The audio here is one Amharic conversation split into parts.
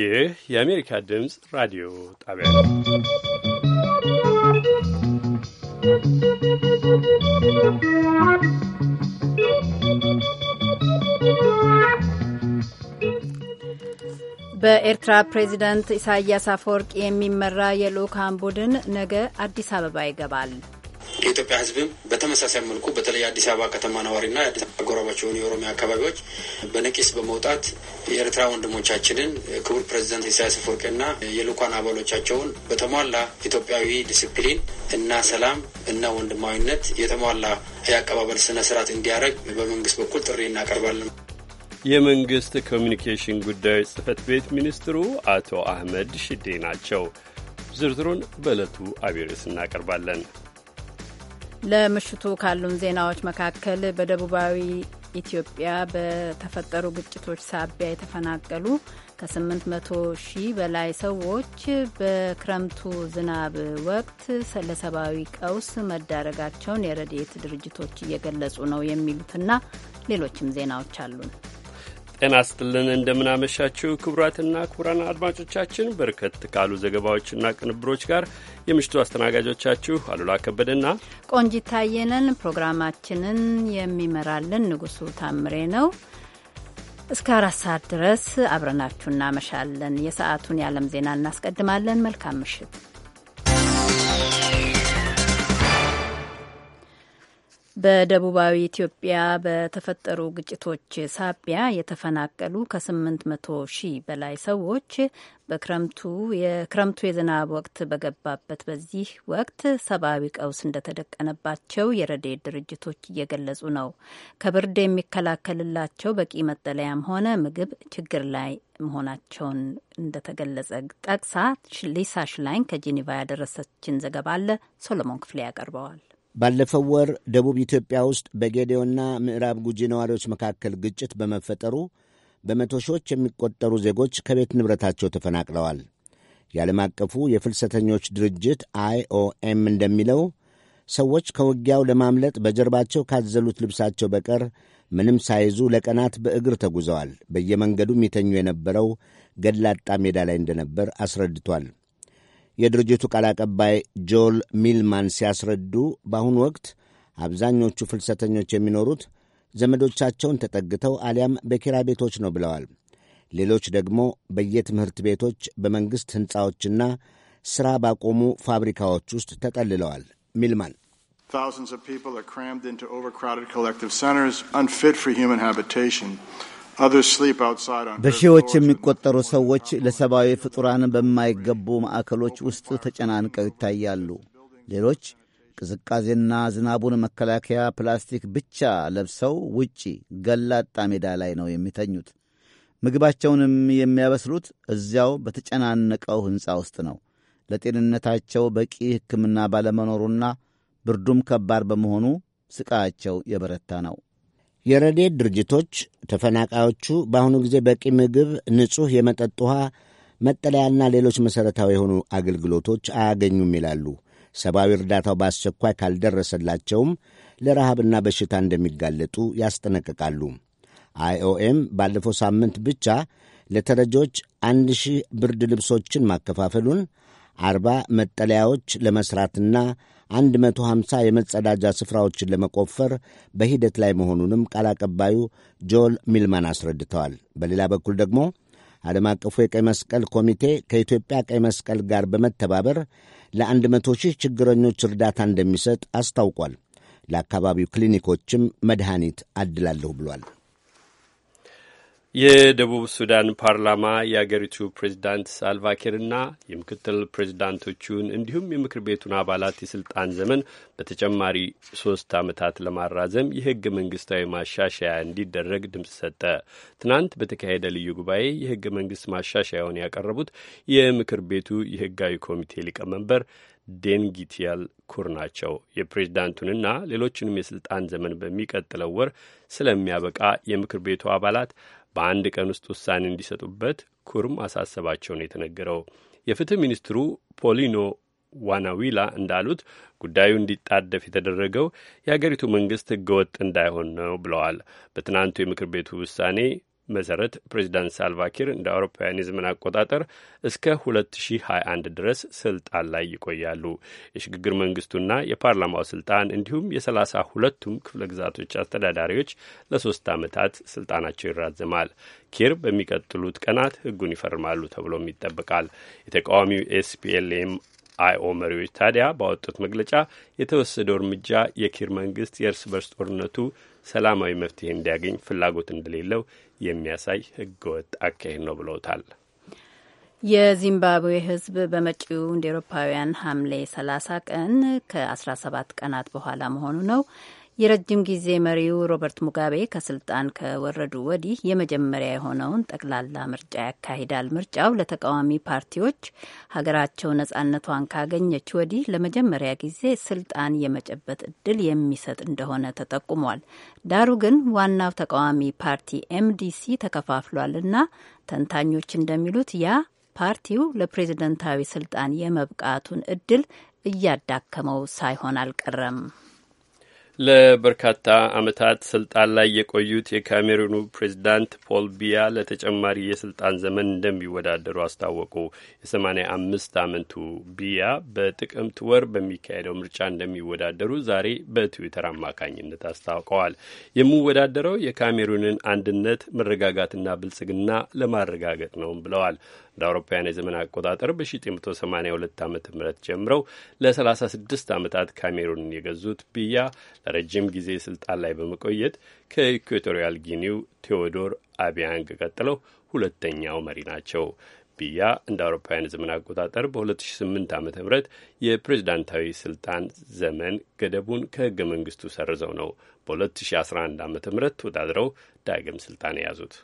ይህ የአሜሪካ ድምፅ ራዲዮ ጣቢያ ነው። በኤርትራ ፕሬዚዳንት ኢሳያስ አፈወርቅ የሚመራ የልዑካን ቡድን ነገ አዲስ አበባ ይገባል። የኢትዮጵያ ሕዝብም በተመሳሳይ መልኩ በተለይ የአዲስ አበባ ከተማ ነዋሪና የአዲስ አበባ የሆኑ የኦሮሚያ አካባቢዎች በነቂስ በመውጣት የኤርትራ ወንድሞቻችንን ክቡር ፕሬዚደንት ኢሳያስ አፈወርቂና የልኳን አባሎቻቸውን በተሟላ ኢትዮጵያዊ ዲስፕሊን እና ሰላም እና ወንድማዊነት የተሟላ የአቀባበል ስነ ስርዓት እንዲያደርግ በመንግስት በኩል ጥሪ እናቀርባለን። የመንግስት ኮሚኒኬሽን ጉዳዮች ጽህፈት ቤት ሚኒስትሩ አቶ አህመድ ሽዴ ናቸው። ዝርዝሩን በዕለቱ አብሬስ እናቀርባለን። ለምሽቱ ካሉን ዜናዎች መካከል በደቡባዊ ኢትዮጵያ በተፈጠሩ ግጭቶች ሳቢያ የተፈናቀሉ ከ800 ሺህ በላይ ሰዎች በክረምቱ ዝናብ ወቅት ለሰብአዊ ቀውስ መዳረጋቸውን የረድኤት ድርጅቶች እየገለጹ ነው የሚሉትና ሌሎችም ዜናዎች አሉን። ጤና ስጥልን እንደምናመሻችው ክቡራትና ክቡራን አድማጮቻችን በርከት ካሉ ዘገባዎችና ቅንብሮች ጋር የምሽቱ አስተናጋጆቻችሁ አሉላ ከበደና ቆንጂት ታየ ፕሮግራማችንን የሚመራልን ንጉሱ ታምሬ ነው። እስከ አራት ሰዓት ድረስ አብረናችሁ እናመሻለን። የሰዓቱን የዓለም ዜና እናስቀድማለን። መልካም ምሽት። በደቡባዊ ኢትዮጵያ በተፈጠሩ ግጭቶች ሳቢያ የተፈናቀሉ ከ መቶ ሺህ በላይ ሰዎች በክረምቱ የክረምቱ የዝናብ ወቅት በገባበት በዚህ ወቅት ሰብአዊ ቀውስ እንደተደቀነባቸው የረድኤት ድርጅቶች እየገለጹ ነው። ከብርድ የሚከላከልላቸው በቂ መጠለያም ሆነ ምግብ ችግር ላይ መሆናቸውን እንደተገለጸ ጠቅሳ ሊሳ ሽላይን ከጄኔቫ ያደረሰችን ዘገባ አለ። ሶሎሞን ክፍሌ ያቀርበዋል። ባለፈው ወር ደቡብ ኢትዮጵያ ውስጥ በጌዴዮና ምዕራብ ጉጂ ነዋሪዎች መካከል ግጭት በመፈጠሩ በመቶ ሺዎች የሚቆጠሩ ዜጎች ከቤት ንብረታቸው ተፈናቅለዋል። የዓለም አቀፉ የፍልሰተኞች ድርጅት አይኦኤም እንደሚለው ሰዎች ከውጊያው ለማምለጥ በጀርባቸው ካዘሉት ልብሳቸው በቀር ምንም ሳይዙ ለቀናት በእግር ተጉዘዋል። በየመንገዱ የሚተኙ የነበረው ገላጣ ሜዳ ላይ እንደነበር አስረድቷል። የድርጅቱ ቃል አቀባይ ጆል ሚልማን ሲያስረዱ በአሁኑ ወቅት አብዛኞቹ ፍልሰተኞች የሚኖሩት ዘመዶቻቸውን ተጠግተው አሊያም በኪራ ቤቶች ነው ብለዋል። ሌሎች ደግሞ በየትምህርት ቤቶች በመንግሥት ሕንፃዎችና ሥራ ባቆሙ ፋብሪካዎች ውስጥ ተጠልለዋል። ሚልማን thousands of people are crammed into overcrowded collective centers unfit for human habitation በሺዎች የሚቆጠሩ ሰዎች ለሰብአዊ ፍጡራን በማይገቡ ማዕከሎች ውስጥ ተጨናንቀው ይታያሉ። ሌሎች ቅዝቃዜና ዝናቡን መከላከያ ፕላስቲክ ብቻ ለብሰው ውጪ ገላጣ ሜዳ ላይ ነው የሚተኙት። ምግባቸውንም የሚያበስሉት እዚያው በተጨናነቀው ሕንፃ ውስጥ ነው። ለጤንነታቸው በቂ ሕክምና ባለመኖሩና ብርዱም ከባድ በመሆኑ ስቃያቸው የበረታ ነው። የረዴድ ድርጅቶች ተፈናቃዮቹ በአሁኑ ጊዜ በቂ ምግብ፣ ንጹሕ የመጠጥ ውሃ፣ መጠለያና ሌሎች መሠረታዊ የሆኑ አገልግሎቶች አያገኙም ይላሉ። ሰብአዊ እርዳታው በአስቸኳይ ካልደረሰላቸውም ለረሃብና በሽታ እንደሚጋለጡ ያስጠነቅቃሉ። አይኦኤም ባለፈው ሳምንት ብቻ ለተረጆች አንድ ሺህ ብርድ ልብሶችን ማከፋፈሉን አርባ መጠለያዎች ለመሥራትና 150 የመጸዳጃ ስፍራዎችን ለመቆፈር በሂደት ላይ መሆኑንም ቃል አቀባዩ ጆል ሚልማን አስረድተዋል። በሌላ በኩል ደግሞ ዓለም አቀፉ የቀይ መስቀል ኮሚቴ ከኢትዮጵያ ቀይ መስቀል ጋር በመተባበር ለ100 ሺህ ችግረኞች እርዳታ እንደሚሰጥ አስታውቋል። ለአካባቢው ክሊኒኮችም መድኃኒት አድላለሁ ብሏል። የደቡብ ሱዳን ፓርላማ የአገሪቱ ፕሬዚዳንት ሳልቫኪርና የምክትል ፕሬዚዳንቶቹን እንዲሁም የምክር ቤቱን አባላት የስልጣን ዘመን በተጨማሪ ሶስት ዓመታት ለማራዘም የህገ መንግስታዊ ማሻሻያ እንዲደረግ ድምፅ ሰጠ። ትናንት በተካሄደ ልዩ ጉባኤ የህገ መንግስት ማሻሻያውን ያቀረቡት የምክር ቤቱ የህጋዊ ኮሚቴ ሊቀመንበር ዴንጊቲያል ኩር ናቸው። የፕሬዚዳንቱንና ሌሎችንም የስልጣን ዘመን በሚቀጥለው ወር ስለሚያበቃ የምክር ቤቱ አባላት በአንድ ቀን ውስጥ ውሳኔ እንዲሰጡበት ኩርም አሳሰባቸው ነው የተነገረው። የፍትህ ሚኒስትሩ ፖሊኖ ዋናዊላ እንዳሉት ጉዳዩ እንዲጣደፍ የተደረገው የአገሪቱ መንግስት ህገወጥ እንዳይሆን ነው ብለዋል። በትናንቱ የምክር ቤቱ ውሳኔ መሰረት ፕሬዚዳንት ሳልቫኪር እንደ አውሮፓውያን የዘመን አቆጣጠር እስከ 2021 ድረስ ስልጣን ላይ ይቆያሉ። የሽግግር መንግስቱና የፓርላማው ስልጣን እንዲሁም የሰላሳ ሁለቱም ክፍለ ግዛቶች አስተዳዳሪዎች ለሶስት ዓመታት ስልጣናቸው ይራዘማል። ኪር በሚቀጥሉት ቀናት ህጉን ይፈርማሉ ተብሎም ይጠበቃል። የተቃዋሚው ኤስፒኤልኤም አይኦ መሪዎች ታዲያ ባወጡት መግለጫ የተወሰደው እርምጃ የኪር መንግስት የእርስ በርስ ጦርነቱ ሰላማዊ መፍትሄ እንዲያገኝ ፍላጎት እንደሌለው የሚያሳይ ህገወጥ አካሄድ ነው ብለውታል። የዚምባብዌ ህዝብ በመጪው እንደ ኤሮፓውያን ሐምሌ 30 ቀን ከ17 ቀናት በኋላ መሆኑ ነው የረጅም ጊዜ መሪው ሮበርት ሙጋቤ ከስልጣን ከወረዱ ወዲህ የመጀመሪያ የሆነውን ጠቅላላ ምርጫ ያካሂዳል። ምርጫው ለተቃዋሚ ፓርቲዎች ሀገራቸው ነጻነቷን ካገኘች ወዲህ ለመጀመሪያ ጊዜ ስልጣን የመጨበጥ እድል የሚሰጥ እንደሆነ ተጠቁሟል። ዳሩ ግን ዋናው ተቃዋሚ ፓርቲ ኤምዲሲ ተከፋፍሏልና ተንታኞች እንደሚሉት ያ ፓርቲው ለፕሬዝደንታዊ ስልጣን የመብቃቱን እድል እያዳከመው ሳይሆን አልቀረም። ለበርካታ ዓመታት ስልጣን ላይ የቆዩት የካሜሩኑ ፕሬዚዳንት ፖል ቢያ ለተጨማሪ የስልጣን ዘመን እንደሚወዳደሩ አስታወቁ። የሰማኒያ አምስት ዓመቱ ቢያ በጥቅምት ወር በሚካሄደው ምርጫ እንደሚወዳደሩ ዛሬ በትዊተር አማካኝነት አስታውቀዋል። የምወዳደረው የካሜሩንን አንድነት፣ መረጋጋትና ብልጽግና ለማረጋገጥ ነውም ብለዋል። እንደ አውሮፓውያን የዘመን አቆጣጠር በ1982 ዓ ም ጀምረው ለ36 ዓመታት ካሜሩንን የገዙት ቢያ ለረጅም ጊዜ ስልጣን ላይ በመቆየት ከኢኳቶሪያል ጊኒው ቴዎዶር አቢያንግ ቀጥለው ሁለተኛው መሪ ናቸው። ቢያ እንደ አውሮፓውያን ዘመን አቆጣጠር በ2008 ዓ ም የፕሬዝዳንታዊ ስልጣን ዘመን ገደቡን ከህገ መንግስቱ ሰርዘው ነው በ2011 ዓ ም ተወዳድረው ዳግም ስልጣን የያዙት።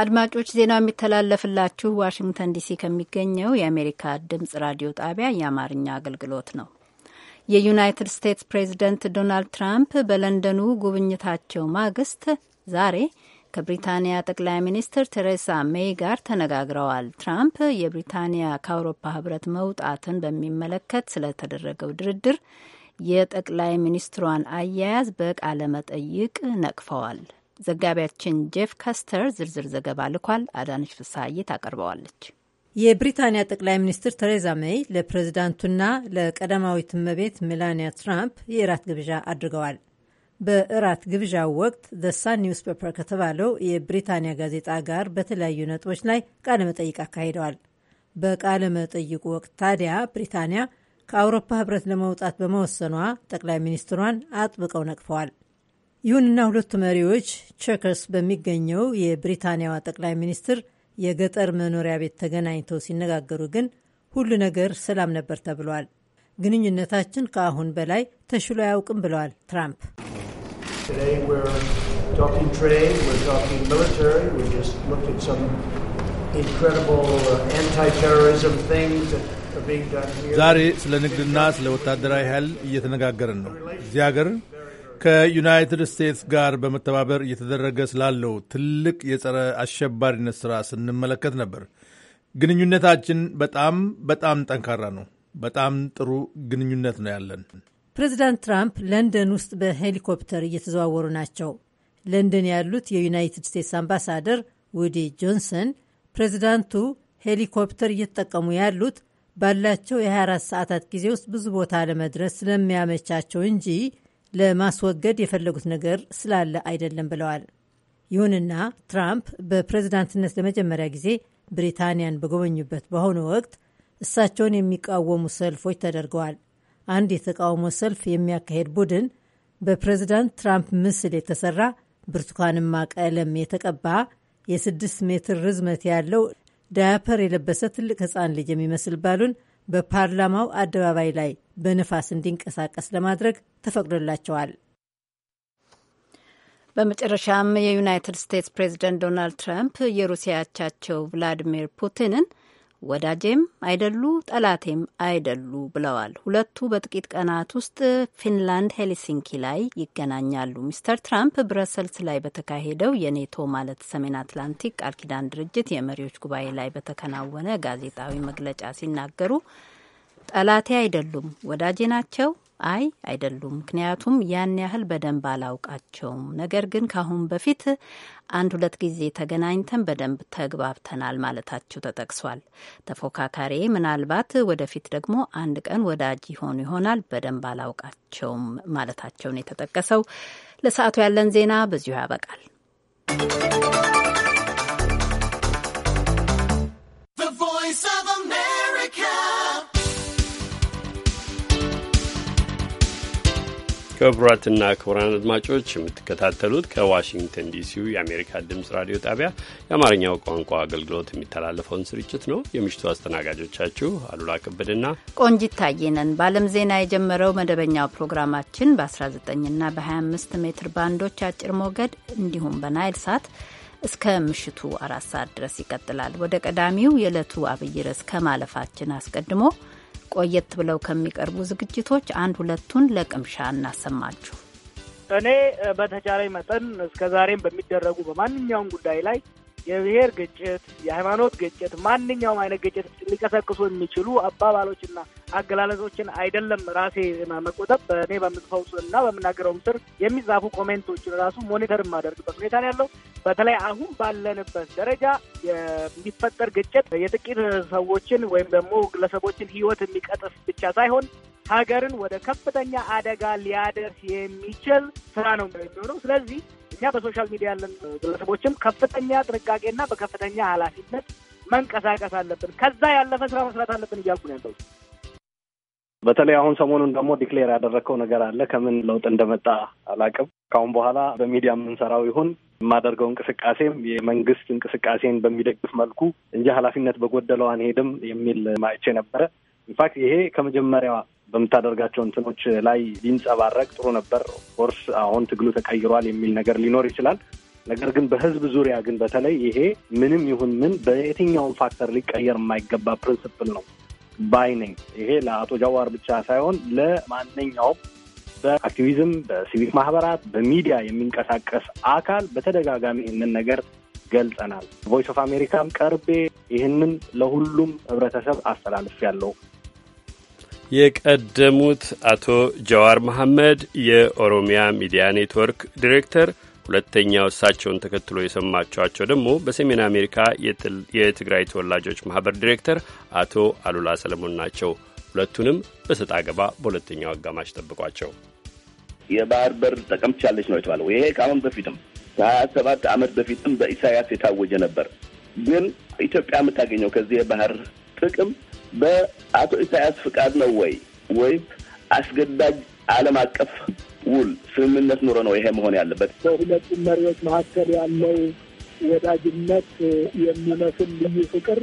አድማጮች ዜናው የሚተላለፍላችሁ ዋሽንግተን ዲሲ ከሚገኘው የአሜሪካ ድምጽ ራዲዮ ጣቢያ የአማርኛ አገልግሎት ነው። የዩናይትድ ስቴትስ ፕሬዝደንት ዶናልድ ትራምፕ በለንደኑ ጉብኝታቸው ማግስት ዛሬ ከብሪታንያ ጠቅላይ ሚኒስትር ቴሬሳ ሜይ ጋር ተነጋግረዋል። ትራምፕ የብሪታንያ ከአውሮፓ ህብረት መውጣትን በሚመለከት ስለተደረገው ድርድር የጠቅላይ ሚኒስትሯን አያያዝ በቃለ መጠይቅ ነቅፈዋል። ዘጋቢያችን ጄፍ ካስተር ዝርዝር ዘገባ ልኳል። አዳነች ፍስሐዬ ታቀርበዋለች። የብሪታንያ ጠቅላይ ሚኒስትር ተሬዛ ሜይ ለፕሬዚዳንቱና ለቀዳማዊት እመቤት ሜላኒያ ትራምፕ የእራት ግብዣ አድርገዋል። በእራት ግብዣው ወቅት ደሳን ኒውስ ፔፐር ከተባለው የብሪታንያ ጋዜጣ ጋር በተለያዩ ነጥቦች ላይ ቃለ መጠይቅ አካሂደዋል። በቃለ መጠይቁ ወቅት ታዲያ ብሪታንያ ከአውሮፓ ሕብረት ለመውጣት በመወሰኗ ጠቅላይ ሚኒስትሯን አጥብቀው ነቅፈዋል። ይሁንና ሁለቱ መሪዎች ቸከርስ በሚገኘው የብሪታንያዋ ጠቅላይ ሚኒስትር የገጠር መኖሪያ ቤት ተገናኝተው ሲነጋገሩ ግን ሁሉ ነገር ሰላም ነበር ተብሏል። ግንኙነታችን ከአሁን በላይ ተሽሎ አያውቅም ብለዋል ትራምፕ። uh, ዛሬ ስለ ንግድና ስለ ወታደራዊ ኃይል እየተነጋገርን ነው። እዚህ ሀገር ከዩናይትድ ስቴትስ ጋር በመተባበር እየተደረገ ስላለው ትልቅ የጸረ አሸባሪነት ስራ ስንመለከት ነበር። ግንኙነታችን በጣም በጣም ጠንካራ ነው። በጣም ጥሩ ግንኙነት ነው ያለን። ፕሬዚዳንት ትራምፕ ለንደን ውስጥ በሄሊኮፕተር እየተዘዋወሩ ናቸው። ለንደን ያሉት የዩናይትድ ስቴትስ አምባሳደር ውዲ ጆንሰን ፕሬዚዳንቱ ሄሊኮፕተር እየተጠቀሙ ያሉት ባላቸው የ24 ሰዓታት ጊዜ ውስጥ ብዙ ቦታ ለመድረስ ስለሚያመቻቸው እንጂ ለማስወገድ የፈለጉት ነገር ስላለ አይደለም ብለዋል። ይሁንና ትራምፕ በፕሬዝዳንትነት ለመጀመሪያ ጊዜ ብሪታንያን በጎበኙበት በአሁኑ ወቅት እሳቸውን የሚቃወሙ ሰልፎች ተደርገዋል። አንድ የተቃውሞ ሰልፍ የሚያካሄድ ቡድን በፕሬዝዳንት ትራምፕ ምስል የተሰራ ብርቱካንማ ቀለም የተቀባ የስድስት ሜትር ርዝመት ያለው ዳያፐር የለበሰ ትልቅ ሕፃን ልጅ የሚመስል ባሉን በፓርላማው አደባባይ ላይ በንፋስ እንዲንቀሳቀስ ለማድረግ ተፈቅዶላቸዋል። በመጨረሻም የዩናይትድ ስቴትስ ፕሬዚደንት ዶናልድ ትራምፕ የሩሲያ አቻቸው ቭላዲሚር ፑቲንን ወዳጄም አይደሉ ጠላቴም አይደሉ ብለዋል። ሁለቱ በጥቂት ቀናት ውስጥ ፊንላንድ ሄልሲንኪ ላይ ይገናኛሉ። ሚስተር ትራምፕ ብረሰልስ ላይ በተካሄደው የኔቶ ማለት ሰሜን አትላንቲክ ቃል ኪዳን ድርጅት የመሪዎች ጉባኤ ላይ በተከናወነ ጋዜጣዊ መግለጫ ሲናገሩ ጠላቴ አይደሉም፣ ወዳጄ ናቸው፣ አይ አይደሉም፣ ምክንያቱም ያን ያህል በደንብ አላውቃቸውም። ነገር ግን ካሁን በፊት አንድ ሁለት ጊዜ ተገናኝተን በደንብ ተግባብተናል ማለታቸው ተጠቅሷል። ተፎካካሪ ምናልባት ወደፊት ደግሞ አንድ ቀን ወዳጅ ይሆኑ ይሆናል፣ በደንብ አላውቃቸውም ማለታቸውን የተጠቀሰው። ለሰዓቱ ያለን ዜና በዚሁ ያበቃል። ክቡራትና ክቡራን አድማጮች የምትከታተሉት ከዋሽንግተን ዲሲው የአሜሪካ ድምፅ ራዲዮ ጣቢያ የአማርኛው ቋንቋ አገልግሎት የሚተላለፈውን ስርጭት ነው። የምሽቱ አስተናጋጆቻችሁ አሉላ ከበድና ቆንጂት በአለም በዓለም ዜና የጀመረው መደበኛው ፕሮግራማችን በ19ና በ25 ሜትር ባንዶች አጭር ሞገድ እንዲሁም በናይል ሳት እስከ ምሽቱ አራት ሰዓት ድረስ ይቀጥላል። ወደ ቀዳሚው የዕለቱ አብይ ርዕስ ከማለፋችን አስቀድሞ ቆየት ብለው ከሚቀርቡ ዝግጅቶች አንድ ሁለቱን ለቅምሻ እናሰማችሁ። እኔ በተቻለኝ መጠን እስከ ዛሬም በሚደረጉ በማንኛውም ጉዳይ ላይ የብሔር ግጭት፣ የሃይማኖት ግጭት፣ ማንኛውም አይነት ግጭት ሊቀሰቅሱ የሚችሉ አባባሎችና አገላለጾችን አይደለም ራሴ መቆጠብ በእኔ በምጽፈው እና በምናገረው ስር የሚጻፉ ኮሜንቶችን ራሱ ሞኒተር የማደርግበት ሁኔታ ነው ያለው። በተለይ አሁን ባለንበት ደረጃ የሚፈጠር ግጭት የጥቂት ሰዎችን ወይም ደግሞ ግለሰቦችን ሕይወት የሚቀጥፍ ብቻ ሳይሆን ሀገርን ወደ ከፍተኛ አደጋ ሊያደርስ የሚችል ስራ ነው የሚሆነው። ስለዚህ እኛ በሶሻል ሚዲያ ያለን ግለሰቦችም ከፍተኛ ጥንቃቄና በከፍተኛ ኃላፊነት መንቀሳቀስ አለብን። ከዛ ያለፈ ስራ መስራት አለብን እያልኩ ነው ያለው። በተለይ አሁን ሰሞኑን ደግሞ ዲክሌር ያደረግከው ነገር አለ። ከምን ለውጥ እንደመጣ አላቅም። ከአሁን በኋላ በሚዲያ የምንሰራው ይሁን የማደርገው እንቅስቃሴም የመንግስት እንቅስቃሴን በሚደግፍ መልኩ እንጂ ኃላፊነት በጎደለው አንሄድም የሚል ማይቼ ነበረ። ኢንፋክት ይሄ ከመጀመሪያ በምታደርጋቸው እንትኖች ላይ ሊንጸባረቅ ጥሩ ነበር። ኦፍኮርስ አሁን ትግሉ ተቀይሯል የሚል ነገር ሊኖር ይችላል። ነገር ግን በህዝብ ዙሪያ ግን በተለይ ይሄ ምንም ይሁን ምን በየትኛውም ፋክተር ሊቀየር የማይገባ ፕሪንስፕል ነው ባይ ነኝ። ይሄ ለአቶ ጃዋር ብቻ ሳይሆን ለማንኛውም በአክቲቪዝም፣ በሲቪክ ማህበራት፣ በሚዲያ የሚንቀሳቀስ አካል በተደጋጋሚ ይህንን ነገር ገልጸናል። ቮይስ ኦፍ አሜሪካም ቀርቤ ይህንን ለሁሉም ህብረተሰብ አስተላልፍ ያለው የቀደሙት አቶ ጀዋር መሐመድ የኦሮሚያ ሚዲያ ኔትወርክ ዲሬክተር፣ ሁለተኛው እሳቸውን ተከትሎ የሰማችኋቸው ደግሞ በሰሜን አሜሪካ የትግራይ ተወላጆች ማህበር ዲሬክተር አቶ አሉላ ሰለሞን ናቸው። ሁለቱንም በሰጥ አገባ በሁለተኛው አጋማሽ ጠብቋቸው። የባህር በር ጠቀምቻለች ነው የተባለው። ይሄ ከአሁን በፊትም ከሀያ ሰባት ዓመት በፊትም በኢሳያስ የታወጀ ነበር። ግን ኢትዮጵያ የምታገኘው ከዚህ የባህር ጥቅም በአቶ ኢሳያስ ፍቃድ ነው ወይ ወይም አስገዳጅ ዓለም አቀፍ ውል ስምምነት ኑሮ ነው ይሄ መሆን ያለበት? በሁለቱም መሪዎች መካከል ያለው ወዳጅነት የሚመስል ልዩ ፍቅር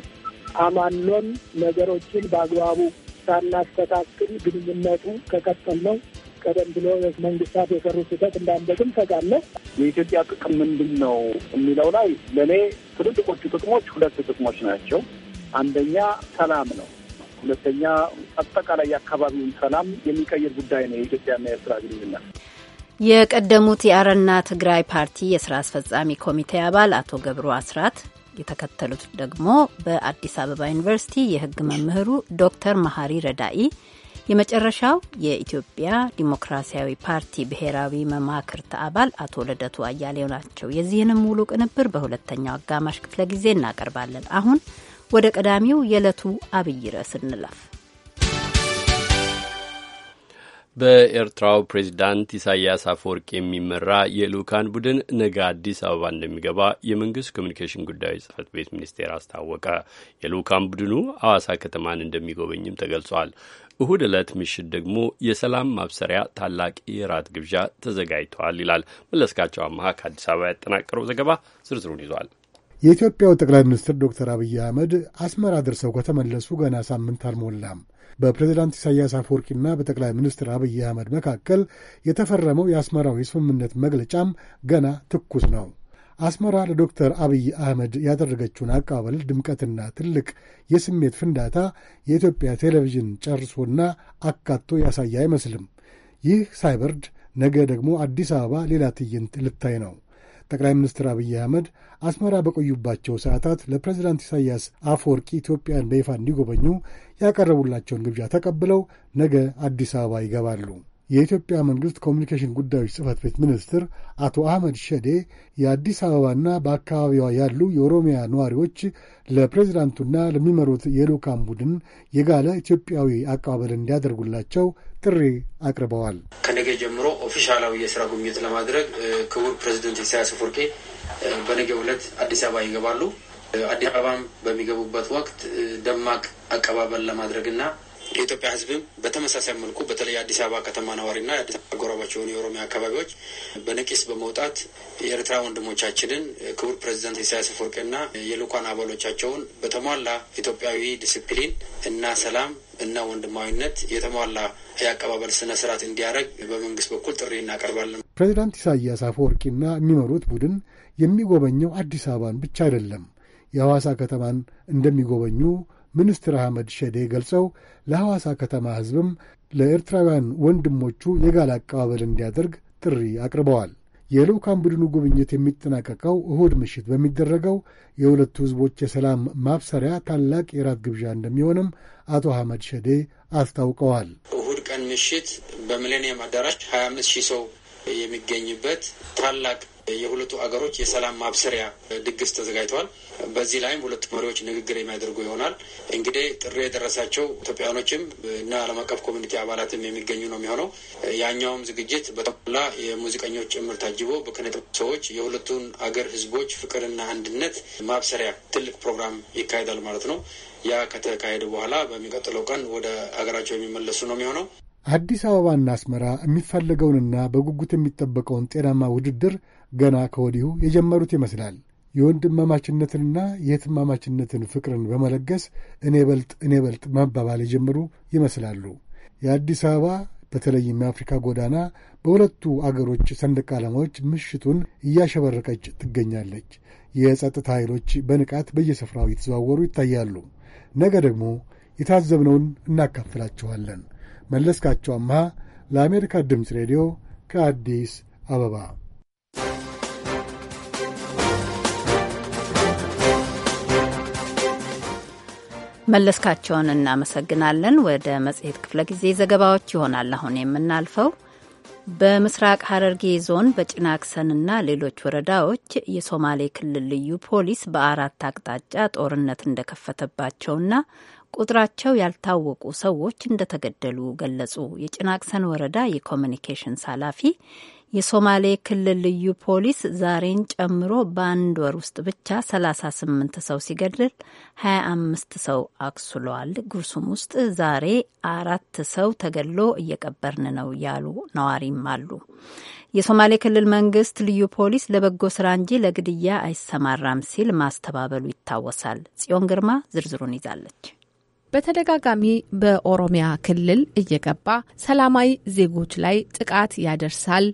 አማኖን ነገሮችን በአግባቡ ሳናስተካክል ግንኙነቱ ከቀጠል ነው ቀደም ብሎ መንግስታት የሰሩ ስህተት እንዳንደግም ተጋለሁ። የኢትዮጵያ ጥቅም ምንድን ነው የሚለው ላይ ለእኔ ትልልቆቹ ጥቅሞች ሁለት ጥቅሞች ናቸው። አንደኛ ሰላም ነው። ሁለተኛ አጠቃላይ የአካባቢውን ሰላም የሚቀይር ጉዳይ ነው የኢትዮጵያና የኤርትራ ግንኙነት። የቀደሙት የአረና ትግራይ ፓርቲ የስራ አስፈጻሚ ኮሚቴ አባል አቶ ገብሩ አስራት የተከተሉት ደግሞ በአዲስ አበባ ዩኒቨርሲቲ የሕግ መምህሩ ዶክተር መሀሪ ረዳኢ የመጨረሻው የኢትዮጵያ ዲሞክራሲያዊ ፓርቲ ብሔራዊ መማክርት አባል አቶ ልደቱ አያሌው ናቸው። የዚህንም ሙሉ ቅንብር በሁለተኛው አጋማሽ ክፍለ ጊዜ እናቀርባለን። አሁን ወደ ቀዳሚው የዕለቱ አብይ ርዕስ እንለፍ። በኤርትራው ፕሬዚዳንት ኢሳያስ አፈወርቅ የሚመራ የልኡካን ቡድን ነገ አዲስ አበባ እንደሚገባ የመንግስት ኮሚኒኬሽን ጉዳዮች ጽህፈት ቤት ሚኒስቴር አስታወቀ። የልኡካን ቡድኑ አዋሳ ከተማን እንደሚጎበኝም ተገልጿል። እሁድ ዕለት ምሽት ደግሞ የሰላም ማብሰሪያ ታላቅ የራት ግብዣ ተዘጋጅተዋል ይላል መለስካቸው አመሀ ከአዲስ አበባ ያጠናቀረው ዘገባ ዝርዝሩን ይዟል። የኢትዮጵያው ጠቅላይ ሚኒስትር ዶክተር አብይ አህመድ አስመራ ደርሰው ከተመለሱ ገና ሳምንት አልሞላም። በፕሬዝዳንት ኢሳያስ አፈወርቂና በጠቅላይ ሚኒስትር አብይ አህመድ መካከል የተፈረመው የአስመራው የስምምነት መግለጫም ገና ትኩስ ነው። አስመራ ለዶክተር አብይ አህመድ ያደረገችውን አቀባበል ድምቀትና ትልቅ የስሜት ፍንዳታ የኢትዮጵያ ቴሌቪዥን ጨርሶና አካቶ ያሳየ አይመስልም። ይህ ሳይበርድ ነገ ደግሞ አዲስ አበባ ሌላ ትዕይንት ልታይ ነው። ጠቅላይ ሚኒስትር አብይ አህመድ አስመራ በቆዩባቸው ሰዓታት ለፕሬዚዳንት ኢሳያስ አፈወርቂ ኢትዮጵያን በይፋ እንዲጎበኙ ያቀረቡላቸውን ግብዣ ተቀብለው ነገ አዲስ አበባ ይገባሉ። የኢትዮጵያ መንግሥት ኮሚኒኬሽን ጉዳዮች ጽፈት ቤት ሚኒስትር አቶ አህመድ ሸዴ የአዲስ አበባና በአካባቢዋ ያሉ የኦሮሚያ ነዋሪዎች ለፕሬዚዳንቱና ለሚመሩት የልዑካን ቡድን የጋለ ኢትዮጵያዊ አቀባበል እንዲያደርጉላቸው ጥሪ አቅርበዋል። ከነገ ጀምሮ ኦፊሻላዊ የስራ ጉብኝት ለማድረግ ክቡር ፕሬዚደንት ኢሳያስ አፈወርቂ በነገ ዕለት አዲስ አበባ ይገባሉ። አዲስ አበባም በሚገቡበት ወቅት ደማቅ አቀባበል ለማድረግና የኢትዮጵያ ሕዝብም በተመሳሳይ መልኩ በተለይ የአዲስ አበባ ከተማ ነዋሪና የአዲስ አበባ አጎራባች የሆኑ የኦሮሚያ አካባቢዎች በነቂስ በመውጣት የኤርትራ ወንድሞቻችንን ክቡር ፕሬዚዳንት ኢሳያስ አፈወርቂና የልኳን አባሎቻቸውን በተሟላ ኢትዮጵያዊ ዲስፕሊን እና ሰላም እና ወንድማዊነት የተሟላ የአቀባበል ስነ ስርዓት እንዲያደርግ በመንግስት በኩል ጥሪ እናቀርባለን። ፕሬዚዳንት ኢሳያስ አፈወርቂና የሚመሩት ቡድን የሚጎበኘው አዲስ አበባን ብቻ አይደለም። የሐዋሳ ከተማን እንደሚጎበኙ ሚኒስትር አህመድ ሸዴ ገልጸው ለሐዋሳ ከተማ ሕዝብም ለኤርትራውያን ወንድሞቹ የጋለ አቀባበል እንዲያደርግ ጥሪ አቅርበዋል። የልዑካን ቡድኑ ጉብኝት የሚጠናቀቀው እሁድ ምሽት በሚደረገው የሁለቱ ሕዝቦች የሰላም ማብሰሪያ ታላቅ የራት ግብዣ እንደሚሆንም አቶ አህመድ ሸዴ አስታውቀዋል። እሁድ ቀን ምሽት በሚሌኒየም አዳራሽ 25 ሺህ ሰው የሚገኝበት ታላቅ የሁለቱ አገሮች የሰላም ማብሰሪያ ድግስ ተዘጋጅተዋል። በዚህ ላይም ሁለቱ መሪዎች ንግግር የሚያደርጉ ይሆናል። እንግዲህ ጥሪ የደረሳቸው ኢትዮጵያኖችም እና ዓለም አቀፍ ኮሚኒቲ አባላትም የሚገኙ ነው የሚሆነው። ያኛውም ዝግጅት በጠቅላላ የሙዚቀኞች ጭምር ታጅቦ በክነጥ ሰዎች የሁለቱን አገር ህዝቦች ፍቅርና አንድነት ማብሰሪያ ትልቅ ፕሮግራም ይካሄዳል ማለት ነው። ያ ከተካሄደ በኋላ በሚቀጥለው ቀን ወደ አገራቸው የሚመለሱ ነው የሚሆነው። አዲስ አበባና አስመራ የሚፈለገውንና በጉጉት የሚጠበቀውን ጤናማ ውድድር ገና ከወዲሁ የጀመሩት ይመስላል። የወንድማማችነትንና የትማማችነትን ፍቅርን በመለገስ እኔ በልጥ እኔ በልጥ መባባል የጀመሩ ይመስላሉ። የአዲስ አበባ በተለይም የአፍሪካ ጎዳና በሁለቱ አገሮች ሰንደቅ ዓላማዎች ምሽቱን እያሸበረቀች ትገኛለች። የጸጥታ ኃይሎች በንቃት በየስፍራው እየተዘዋወሩ ይታያሉ። ነገ ደግሞ የታዘብነውን እናካፍላችኋለን። መለስካቸው አምሃ ለአሜሪካ ድምፅ ሬዲዮ ከአዲስ አበባ መለስካቸውን እናመሰግናለን። ወደ መጽሔት ክፍለ ጊዜ ዘገባዎች ይሆናል አሁን የምናልፈው። በምስራቅ ሐረርጌ ዞን በጭናክሰንና ሌሎች ወረዳዎች የሶማሌ ክልል ልዩ ፖሊስ በአራት አቅጣጫ ጦርነት እንደከፈተባቸውና ቁጥራቸው ያልታወቁ ሰዎች እንደተገደሉ ገለጹ። የጭናክሰን ወረዳ የኮሚኒኬሽንስ ኃላፊ የሶማሌ ክልል ልዩ ፖሊስ ዛሬን ጨምሮ በአንድ ወር ውስጥ ብቻ 38 ሰው ሲገድል 25 ሰው አቁስሏል። ጉርሱም ውስጥ ዛሬ አራት ሰው ተገድሎ እየቀበርን ነው ያሉ ነዋሪም አሉ። የሶማሌ ክልል መንግስት ልዩ ፖሊስ ለበጎ ስራ እንጂ ለግድያ አይሰማራም ሲል ማስተባበሉ ይታወሳል። ጽዮን ግርማ ዝርዝሩን ይዛለች። በተደጋጋሚ በኦሮሚያ ክልል እየገባ ሰላማዊ ዜጎች ላይ ጥቃት ያደርሳል፣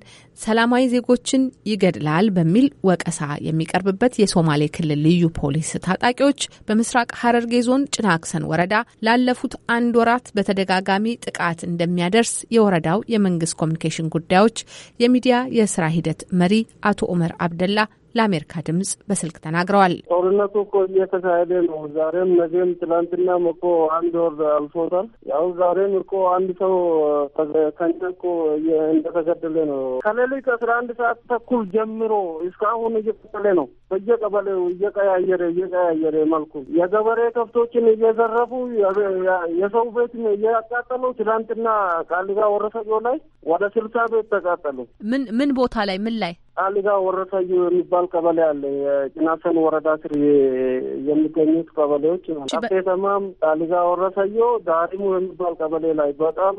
ሰላማዊ ዜጎችን ይገድላል በሚል ወቀሳ የሚቀርብበት የሶማሌ ክልል ልዩ ፖሊስ ታጣቂዎች በምስራቅ ሐረርጌ ዞን ጭናክሰን ወረዳ ላለፉት አንድ ወራት በተደጋጋሚ ጥቃት እንደሚያደርስ የወረዳው የመንግስት ኮሚኒኬሽን ጉዳዮች የሚዲያ የስራ ሂደት መሪ አቶ ኡመር አብደላ ለአሜሪካ ድምጽ በስልክ ተናግረዋል። ጦርነቱ እኮ እየተካሄደ ነው። ዛሬም ነገም፣ ትላንትና እኮ አንድ ወር አልፎታል። ያው ዛሬም እኮ አንድ ሰው ከኛ እኮ እንደተገደለ ነው። ከሌሊት አስራ አንድ ሰዓት ተኩል ጀምሮ እስካሁን እየቀጠለ ነው። በየቀበሌው እየቀያየረ እየቀያየረ መልኩ የገበሬ ከብቶችን እየዘረፉ የሰው ቤት እያቃጠሉ ትላንትና ቃሊጋ ወረሰጆ ላይ ወደ ስልሳ ቤት ተቃጠሉ። ምን ምን ቦታ ላይ ምን ላይ አልጋ ወረታዩ የሚባል ቀበሌ አለ። የጭናሰን ወረዳ ስር የሚገኙት ቀበሌዎች አፍቴተማም፣ አልጋ ወረታዩ፣ ዳሪሙ የሚባል ቀበሌ ላይ በጣም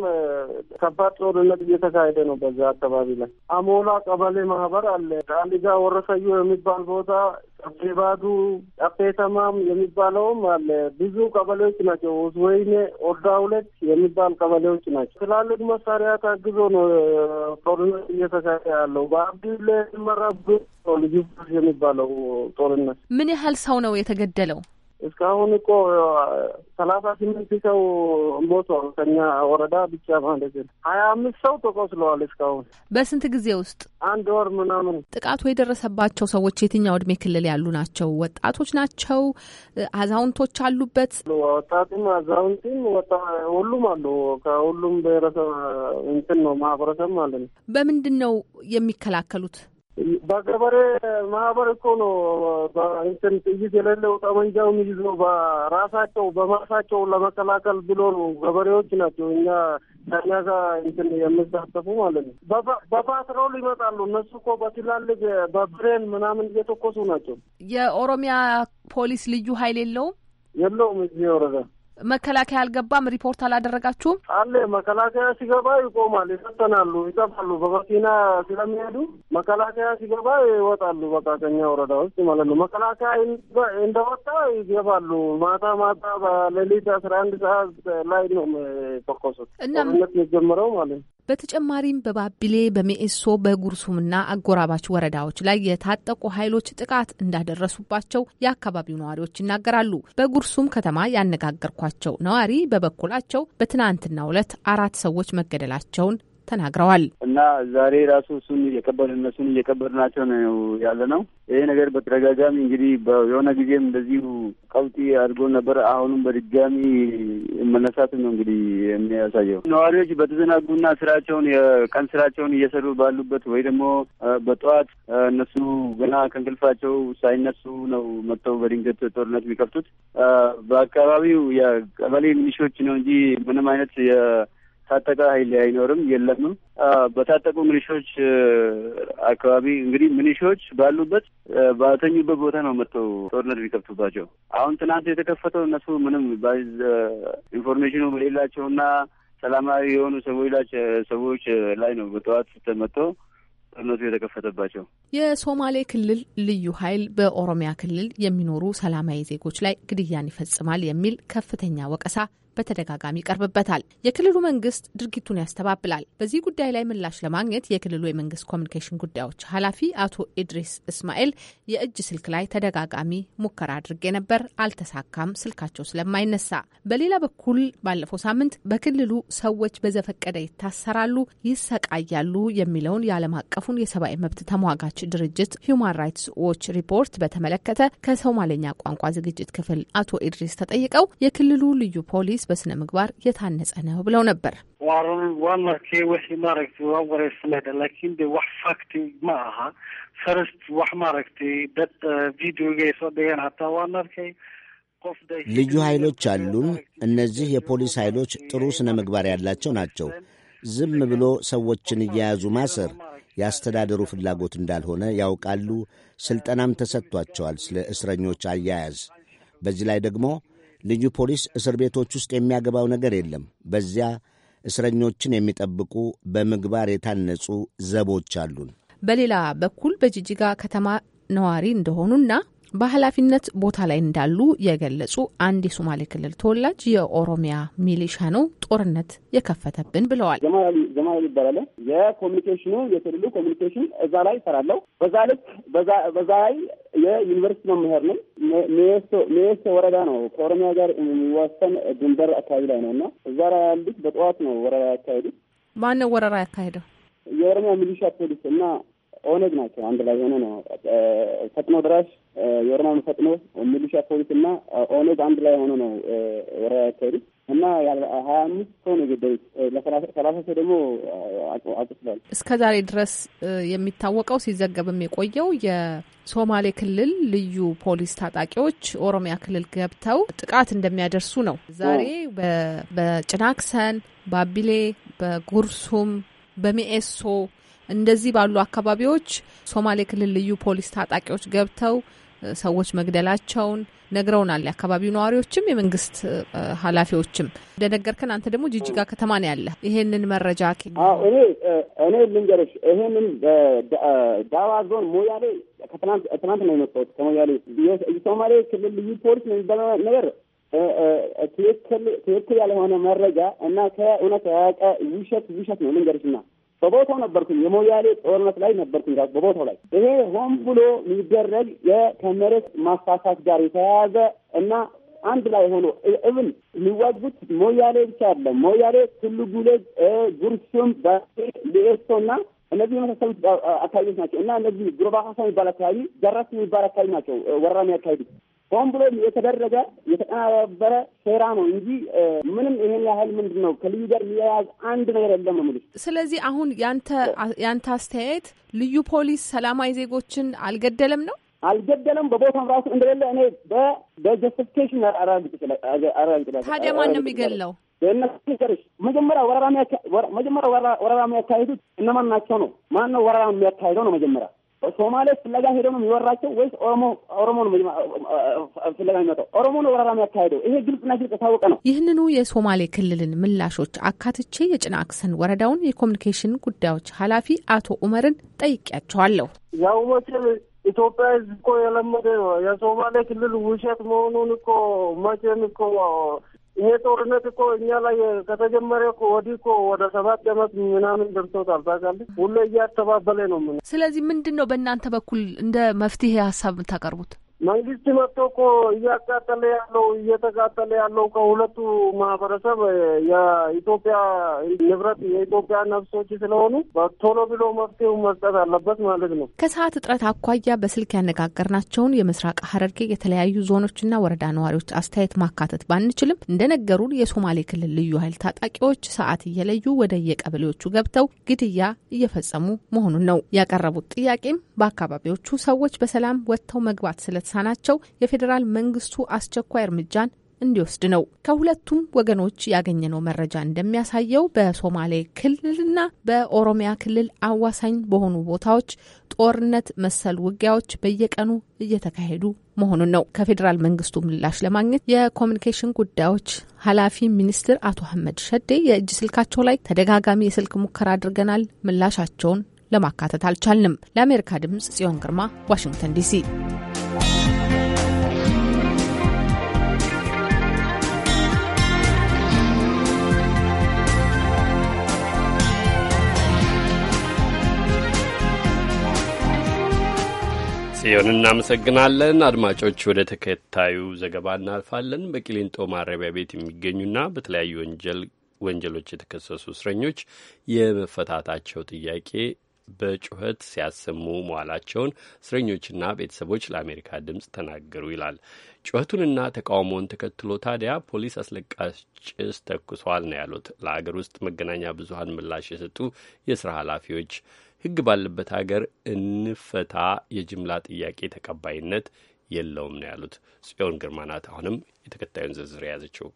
ከባድ ጦርነት እየተካሄደ ነው። በዛ አካባቢ ላይ አሞላ ቀበሌ ማህበር አለ። አልጋ ወረታዩ የሚባል ቦታ ፕሪቫቱ ጠፌተማም የሚባለውም አለ። ብዙ ቀበሌዎች ናቸው። ወይኔ ኦርዳ ሁለት የሚባል ቀበሌዎች ናቸው። ትላልቅ መሳሪያ ታግዞ ነው ጦርነት እየተካሄደ ያለው። በአብዲላ የሚመራ ልዩ የሚባለው ጦርነት ምን ያህል ሰው ነው የተገደለው? እስካሁን እኮ ሰላሳ ስምንት ሰው ሞቷል። ከኛ ወረዳ ብቻ ማለት ነው። ሀያ አምስት ሰው ተቆስለዋል። እስካሁን በስንት ጊዜ ውስጥ? አንድ ወር ምናምን። ጥቃቱ የደረሰባቸው ሰዎች የትኛው እድሜ ክልል ያሉ ናቸው? ወጣቶች ናቸው? አዛውንቶች አሉበት? ወጣትም አዛውንትም ሁሉም አሉ። ከሁሉም ብሔረሰብ እንትን ነው ማህበረሰብ ማለት ነው። በምንድን ነው የሚከላከሉት? በገበሬ ማህበር እኮ ነው እንትን ጥይት የሌለው ጠመንጃውን ይዞ በራሳቸው በማሳቸው ለመከላከል ብሎ ነው። ገበሬዎች ናቸው እኛ ከኛ ጋር እንትን የምሳተፉ ማለት ነው። በፓትሮል ይመጣሉ እነሱ እኮ በትላልቅ በብሬን ምናምን እየተኮሱ ናቸው። የኦሮሚያ ፖሊስ ልዩ ኃይል የለውም የለውም እዚህ ወረዳ መከላከያ አልገባም? ሪፖርት አላደረጋችሁም? አለ መከላከያ ሲገባ ይቆማል፣ ይፈተናሉ፣ ይጠፋሉ። በመኪና ስለሚሄዱ መከላከያ ሲገባ ይወጣሉ። በቃ ከኛ ወረዳ ውስጥ ማለት ነው። መከላከያ እንደወጣ ይገባሉ። ማታ ማታ በሌሊት አስራ አንድ ሰዓት ላይ ነው ተኮሱት እና ጦርነት የጀመረው ማለት ነው። በተጨማሪም በባቢሌ በሚኤሶ በጉርሱምና አጎራባች ወረዳዎች ላይ የታጠቁ ኃይሎች ጥቃት እንዳደረሱባቸው የአካባቢው ነዋሪዎች ይናገራሉ። በጉርሱም ከተማ ያነጋገርኳቸው ነዋሪ በበኩላቸው በትናንትናው ዕለት አራት ሰዎች መገደላቸውን ተናግረዋል። እና ዛሬ ራሱ እሱን እየቀበል እነሱን ናቸው ነው ያለ ነው። ይሄ ነገር በተደጋጋሚ እንግዲህ የሆነ ጊዜም እንደዚሁ ቀውጢ አድርጎ ነበር። አሁንም በድጋሚ መነሳት ነው እንግዲህ የሚያሳየው። ነዋሪዎች በተዘናጉና ስራቸውን የቀን ስራቸውን እየሰሩ ባሉበት ወይ ደግሞ በጠዋት እነሱ ገና ከእንቅልፋቸው ሳይነሱ ነው መጥተው በድንገት ጦርነት የሚከፍቱት። በአካባቢው የቀበሌ ሚሊሾች ነው እንጂ ምንም አይነት ታጠቀ ኃይል አይኖርም የለምም። በታጠቁ ሚሊሻዎች አካባቢ እንግዲህ ሚሊሻዎች ባሉበት ባተኙበት ቦታ ነው መጥተው ጦርነት ቢከፍቱባቸው። አሁን ትናንት የተከፈተው እነሱ ምንም ኢንፎርሜሽኑ በሌላቸውና ሰላማዊ የሆኑ ሰዎች ሰዎች ላይ ነው በጠዋት ተመጥቶ ጦርነቱ የተከፈተባቸው። የሶማሌ ክልል ልዩ ኃይል በኦሮሚያ ክልል የሚኖሩ ሰላማዊ ዜጎች ላይ ግድያን ይፈጽማል የሚል ከፍተኛ ወቀሳ በተደጋጋሚ ይቀርብበታል። የክልሉ መንግስት ድርጊቱን ያስተባብላል። በዚህ ጉዳይ ላይ ምላሽ ለማግኘት የክልሉ የመንግስት ኮሚኒኬሽን ጉዳዮች ኃላፊ አቶ ኢድሪስ እስማኤል የእጅ ስልክ ላይ ተደጋጋሚ ሙከራ አድርጌ ነበር፣ አልተሳካም፣ ስልካቸው ስለማይነሳ። በሌላ በኩል ባለፈው ሳምንት በክልሉ ሰዎች በዘፈቀደ ይታሰራሉ፣ ይሰቃያሉ የሚለውን የዓለም አቀፉን የሰብአዊ መብት ተሟጋች ድርጅት ሂውማን ራይትስ ዎች ሪፖርት በተመለከተ ከሶማሌኛ ቋንቋ ዝግጅት ክፍል አቶ ኢድሪስ ተጠይቀው የክልሉ ልዩ ፖሊስ መንግስት በስነ ምግባር የታነጸ ነው ብለው ነበር። ልዩ ኃይሎች አሉን። እነዚህ የፖሊስ ኃይሎች ጥሩ ስነ ምግባር ያላቸው ናቸው። ዝም ብሎ ሰዎችን እየያዙ ማሰር የአስተዳደሩ ፍላጎት እንዳልሆነ ያውቃሉ። ሥልጠናም ተሰጥቷቸዋል ስለ እስረኞች አያያዝ። በዚህ ላይ ደግሞ ልዩ ፖሊስ እስር ቤቶች ውስጥ የሚያገባው ነገር የለም። በዚያ እስረኞችን የሚጠብቁ በምግባር የታነጹ ዘቦች አሉን። በሌላ በኩል በጅጅጋ ከተማ ነዋሪ እንደሆኑና በኃላፊነት ቦታ ላይ እንዳሉ የገለጹ አንድ የሶማሌ ክልል ተወላጅ የኦሮሚያ ሚሊሻ ነው ጦርነት የከፈተብን ብለዋል። ዘማዊ ይባላል። የኮሚኒኬሽኑ የክልሉ ኮሚኒኬሽን እዛ ላይ ይሰራለው። በዛ ልክ በዛ ላይ የዩኒቨርሲቲ መምህር ነኝ። ሜሶ ወረዳ ነው ከኦሮሚያ ጋር የሚዋሰን ድንበር አካባቢ ላይ ነው እና እዛ ላይ ያሉት በጠዋት ነው ወረራ ያካሄዱት። ማነው ወረራ ያካሄደው? የኦሮሚያ ሚሊሻ ፖሊስ እና ኦነግ ናቸው። አንድ ላይ ሆነ ነው ፈጥኖ ድራሽ የኦሮማን ፈጥኖ ሚሊሻ ፖሊስ እና ኦነግ አንድ ላይ ሆነ ነው ወረራ ያካሄዱት እና ሀያ አምስት ሰው ነው የገደሉት። ለሰላሳ ሰው ደግሞ አቁስሏል። እስከ ዛሬ ድረስ የሚታወቀው ሲዘገብም የቆየው የሶማሌ ክልል ልዩ ፖሊስ ታጣቂዎች ኦሮሚያ ክልል ገብተው ጥቃት እንደሚያደርሱ ነው። ዛሬ በጭናክሰን፣ ባቢሌ፣ በጉርሱም በሚኤሶ እንደዚህ ባሉ አካባቢዎች ሶማሌ ክልል ልዩ ፖሊስ ታጣቂዎች ገብተው ሰዎች መግደላቸውን ነግረውናል። የአካባቢው ነዋሪዎችም የመንግስት ኃላፊዎችም እንደነገርከን፣ አንተ ደግሞ ጂጂጋ ከተማ ነው ያለ። ይሄንን መረጃ እኔ እኔ ልንገርሽ፣ ይሄንን ዳዋ ዞን ሞያሌ ትናንት ነው የመጣሁት ከሞያሌ። የሶማሌ ክልል ልዩ ፖሊስ ነው የሚባለው ነገር ትክክል ያልሆነ መረጃ እና ከእውነት ያቀ ውሸት ውሸት ነው ልንገርሽ በቦታው ነበርኩኝ። የሞያሌ ጦርነት ላይ ነበርኩኝ በቦታው ላይ። ይሄ ሆን ብሎ የሚደረግ ከመሬት ማሳሳት ጋር የተያያዘ እና አንድ ላይ ሆኖ እብን የሚዋጉት ሞያሌ ብቻ አለ ሞያሌ፣ ትልጉሌጅ፣ ጉርሱም፣ ሊኤሶ እና እነዚህ የመሳሰሉት አካባቢዎች ናቸው እና እነዚህ ጉርባሳሳ የሚባል አካባቢ፣ ደረስ የሚባል አካባቢ ናቸው ወረራ የሚያካሂዱት ሆን ብሎ የተደረገ የተቀናበረ ሴራ ነው እንጂ ምንም ይሄን ያህል ምንድን ነው ከልዩ ጋር የሚያያዝ አንድ ነገር የለም ነው ስለዚህ አሁን ያንተ ያንተ አስተያየት ልዩ ፖሊስ ሰላማዊ ዜጎችን አልገደለም ነው? አልገደለም በቦታም ራሱ እንደሌለ እኔ በጀስቲፊኬሽን አራግጥላል። ታዲያ ማን ነው የሚገድለው? ነገሮች መጀመሪያ ወረራ መጀመሪያ ወረራ እነማን ናቸው ነው? ማን ነው ወረራ የሚያካሄደው ነው መጀመሪያ ሶማሌ ፍለጋ ሄደው ነው የሚወራቸው ወይስ ኦሮሞ ኦሮሞ ነው ፍለጋ የሚመጣው? ኦሮሞ ነው ወረራ የሚያካሄደው? ይሄ ግልጽና ግልጽ የታወቀ ነው። ይህንኑ የሶማሌ ክልልን ምላሾች አካትቼ የጭናክሰን ወረዳውን የኮሚኒኬሽን ጉዳዮች ኃላፊ አቶ ኡመርን ጠይቄያቸዋለሁ። ያው መቼም ኢትዮጵያ ሕዝብ እኮ የለመደ የሶማሌ ክልል ውሸት መሆኑን እኮ መቼም እኮ ይሄ ጦርነት እኮ እኛ ላይ ከተጀመረ ወዲህ እኮ ወደ ሰባት ዓመት ምናምን ደርሶታል። ታውቃለህ ሁሉ እያተባበለ ነው ምን። ስለዚህ ምንድን ነው በእናንተ በኩል እንደ መፍትሄ ሀሳብ የምታቀርቡት? መንግስት መጥቶ እኮ እያቃጠለ ያለው እየተቃጠለ ያለው ከሁለቱ ማህበረሰብ የኢትዮጵያ ንብረት የኢትዮጵያ ነፍሶች ስለሆኑ በቶሎ ብሎ መፍትሄው መስጠት አለበት ማለት ነው። ከሰዓት እጥረት አኳያ በስልክ ያነጋገርናቸውን የምስራቅ ሀረርጌ የተለያዩ ዞኖችና ወረዳ ነዋሪዎች አስተያየት ማካተት ባንችልም እንደነገሩን የሶማሌ ክልል ልዩ ኃይል ታጣቂዎች ሰዓት እየለዩ ወደ የቀበሌዎቹ ገብተው ግድያ እየፈጸሙ መሆኑን ነው ያቀረቡት። ጥያቄም በአካባቢዎቹ ሰዎች በሰላም ወጥተው መግባት ስለ የተሳናቸው የፌዴራል መንግስቱ አስቸኳይ እርምጃን እንዲወስድ ነው። ከሁለቱም ወገኖች ያገኘነው መረጃ እንደሚያሳየው በሶማሌ ክልልና በኦሮሚያ ክልል አዋሳኝ በሆኑ ቦታዎች ጦርነት መሰል ውጊያዎች በየቀኑ እየተካሄዱ መሆኑን ነው። ከፌዴራል መንግስቱ ምላሽ ለማግኘት የኮሚኒኬሽን ጉዳዮች ኃላፊ ሚኒስትር አቶ አህመድ ሸዴ የእጅ ስልካቸው ላይ ተደጋጋሚ የስልክ ሙከራ አድርገናል። ምላሻቸውን ለማካተት አልቻልንም። ለአሜሪካ ድምጽ ጽዮን ግርማ ዋሽንግተን ዲሲ ጽዮን እናመሰግናለን። አድማጮች ወደ ተከታዩ ዘገባ እናልፋለን። በቂሊንጦ ማረቢያ ቤት የሚገኙና በተለያዩ ወንጀል ወንጀሎች የተከሰሱ እስረኞች የመፈታታቸው ጥያቄ በጩኸት ሲያሰሙ መዋላቸውን እስረኞችና ቤተሰቦች ለአሜሪካ ድምፅ ተናገሩ ይላል። ጩኸቱንና ተቃውሞውን ተከትሎ ታዲያ ፖሊስ አስለቃሽ ጭስ ተኩሷል ነው ያሉት ለአገር ውስጥ መገናኛ ብዙኃን ምላሽ የሰጡ የስራ ኃላፊዎች። ሕግ ባለበት ሀገር እንፈታ የጅምላ ጥያቄ ተቀባይነት የለውም ነው ያሉት። ጽዮን ግርማ ናት አሁንም የተከታዩን ዝርዝር የያዘችው።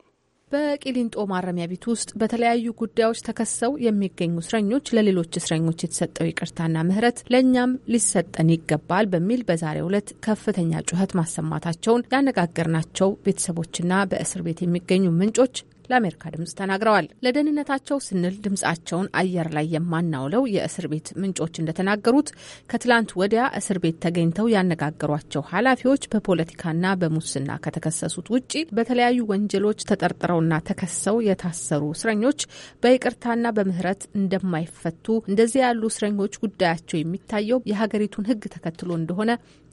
በቂሊንጦ ማረሚያ ቤት ውስጥ በተለያዩ ጉዳዮች ተከሰው የሚገኙ እስረኞች ለሌሎች እስረኞች የተሰጠው ይቅርታና ምህረት ለእኛም ሊሰጠን ይገባል በሚል በዛሬው ዕለት ከፍተኛ ጩኸት ማሰማታቸውን ያነጋገርናቸው ቤተሰቦችና በእስር ቤት የሚገኙ ምንጮች ለአሜሪካ ድምጽ ተናግረዋል። ለደህንነታቸው ስንል ድምጻቸውን አየር ላይ የማናውለው የእስር ቤት ምንጮች እንደተናገሩት ከትላንት ወዲያ እስር ቤት ተገኝተው ያነጋገሯቸው ኃላፊዎች በፖለቲካና በሙስና ከተከሰሱት ውጪ በተለያዩ ወንጀሎች ተጠርጥረውና ተከሰው የታሰሩ እስረኞች በይቅርታና በምህረት እንደማይፈቱ እንደዚህ ያሉ እስረኞች ጉዳያቸው የሚታየው የሀገሪቱን ሕግ ተከትሎ እንደሆነ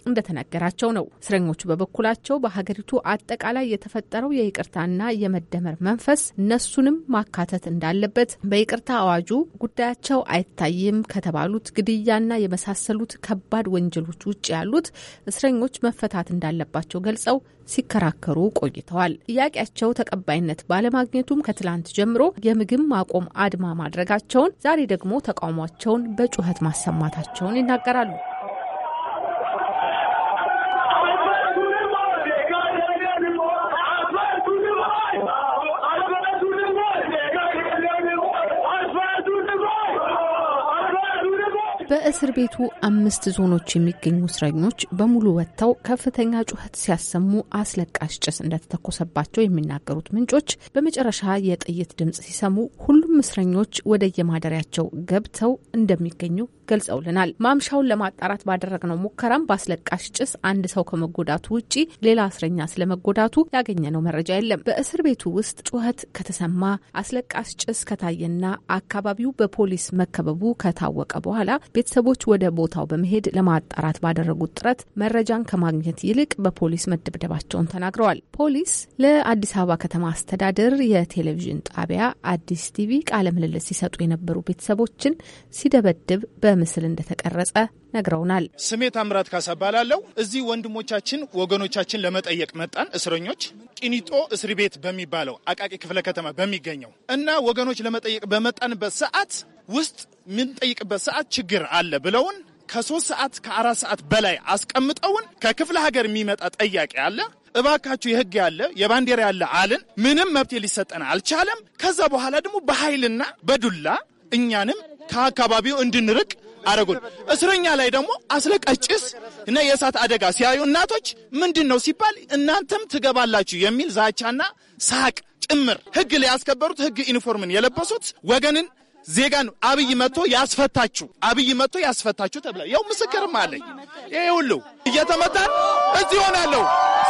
እንደተነገራቸው ነው። እስረኞቹ በበኩላቸው በሀገሪቱ አጠቃላይ የተፈጠረው የይቅርታና የመደመር መንፈስ እነሱንም ማካተት እንዳለበት፣ በይቅርታ አዋጁ ጉዳያቸው አይታይም ከተባሉት ግድያና የመሳሰሉት ከባድ ወንጀሎች ውጭ ያሉት እስረኞች መፈታት እንዳለባቸው ገልጸው ሲከራከሩ ቆይተዋል። ጥያቄያቸው ተቀባይነት ባለማግኘቱም ከትላንት ጀምሮ የምግብ ማቆም አድማ ማድረጋቸውን ዛሬ ደግሞ ተቃውሟቸውን በጩኸት ማሰማታቸውን ይናገራሉ። በእስር ቤቱ አምስት ዞኖች የሚገኙ እስረኞች በሙሉ ወጥተው ከፍተኛ ጩኸት ሲያሰሙ አስለቃሽ ጭስ እንደተተኮሰባቸው የሚናገሩት ምንጮች በመጨረሻ የጥይት ድምፅ ሲሰሙ ሁሉ ሁሉም እስረኞች ወደ የማደሪያቸው ገብተው እንደሚገኙ ገልጸውልናል። ማምሻውን ለማጣራት ባደረግነው ሙከራም በአስለቃሽ ጭስ አንድ ሰው ከመጎዳቱ ውጪ ሌላ እስረኛ ስለመጎዳቱ ያገኘነው መረጃ የለም። በእስር ቤቱ ውስጥ ጩኸት ከተሰማ አስለቃሽ ጭስ ከታየና አካባቢው በፖሊስ መከበቡ ከታወቀ በኋላ ቤተሰቦች ወደ ቦታው በመሄድ ለማጣራት ባደረጉት ጥረት መረጃን ከማግኘት ይልቅ በፖሊስ መደብደባቸውን ተናግረዋል። ፖሊስ ለአዲስ አበባ ከተማ አስተዳደር የቴሌቪዥን ጣቢያ አዲስ ቲቪ ቃለ ምልልስ ሲሰጡ የነበሩ ቤተሰቦችን ሲደበድብ በምስል እንደተቀረጸ ነግረውናል። ስሜ ታምራት ካሳ እዚህ ወንድሞቻችን ወገኖቻችን ለመጠየቅ መጣን። እስረኞች ቂኒጦ እስር ቤት በሚባለው አቃቂ ክፍለ ከተማ በሚገኘው እና ወገኖች ለመጠየቅ በመጣንበት ሰዓት ውስጥ የምንጠይቅበት ሰዓት ችግር አለ ብለውን ከሶስት ሰዓት ከአራት ሰዓት በላይ አስቀምጠውን ከክፍለ ሀገር የሚመጣ ጠያቂ አለ እባካችሁ የህግ ያለ የባንዲራ ያለ አልን ምንም መብት ሊሰጠን አልቻለም። ከዛ በኋላ ደግሞ በኃይልና በዱላ እኛንም ከአካባቢው እንድንርቅ አረጉን። እስረኛ ላይ ደግሞ አስለቃሽ ጭስ እና የእሳት አደጋ ሲያዩ እናቶች ምንድን ነው ሲባል እናንተም ትገባላችሁ የሚል ዛቻና ሳቅ ጭምር ህግ ላይ ያስከበሩት ህግ ዩኒፎርምን የለበሱት ወገንን ዜጋን አብይ መጥቶ ያስፈታችሁ፣ አብይ መጥቶ ያስፈታችሁ ተብላ ያው ምስክርም አለኝ። ይሄ ሁሉ እየተመታን እዚህ ሆናለሁ።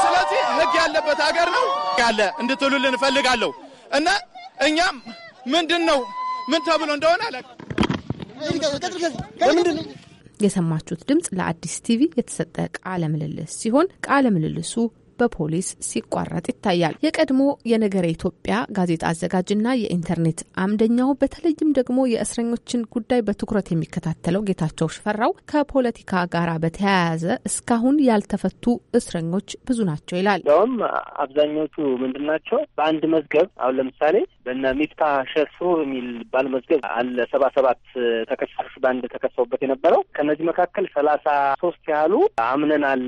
ስለዚህ ህግ ያለበት ሀገር ነው ያለ እንድትሉልን እፈልጋለሁ እና እኛ ምንድን ነው ምን ተብሎ እንደሆነ የሰማችሁት ድምፅ ለአዲስ ቲቪ የተሰጠ ቃለ ምልልስ ሲሆን ቃለ ምልልሱ በፖሊስ ሲቋረጥ ይታያል። የቀድሞ የነገረ ኢትዮጵያ ጋዜጣ አዘጋጅና የኢንተርኔት አምደኛው በተለይም ደግሞ የእስረኞችን ጉዳይ በትኩረት የሚከታተለው ጌታቸው ሽፈራው ከፖለቲካ ጋር በተያያዘ እስካሁን ያልተፈቱ እስረኞች ብዙ ናቸው ይላል። እንዲያውም አብዛኞቹ ምንድን ናቸው? በአንድ መዝገብ አሁን ለምሳሌ በነ ሚፍታ ሸሶ የሚባል መዝገብ አለ። ሰባ ሰባት ተከሳሽ በአንድ ተከሰውበት የነበረው ከእነዚህ መካከል ሰላሳ ሶስት ያህሉ አምነናል፣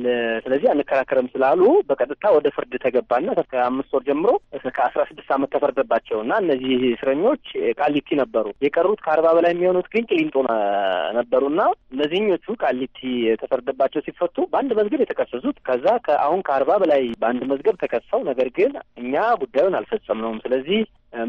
ስለዚህ አንከራከርም ስላሉ በቀጥታ ወደ ፍርድ ተገባና ከአምስት ወር ጀምሮ እስከ አስራ ስድስት ዓመት ተፈረደባቸው እና እነዚህ እስረኞች ቃሊቲ ነበሩ። የቀሩት ከአርባ በላይ የሚሆኑት ግን ቅሊንጦ ነበሩና እነዚህኞቹ ቃሊቲ የተፈረደባቸው ሲፈቱ በአንድ መዝገብ የተከሰሱት ከዛ አሁን ከአርባ በላይ በአንድ መዝገብ ተከሰው ነገር ግን እኛ ጉዳዩን አልፈጸምነውም ስለዚህ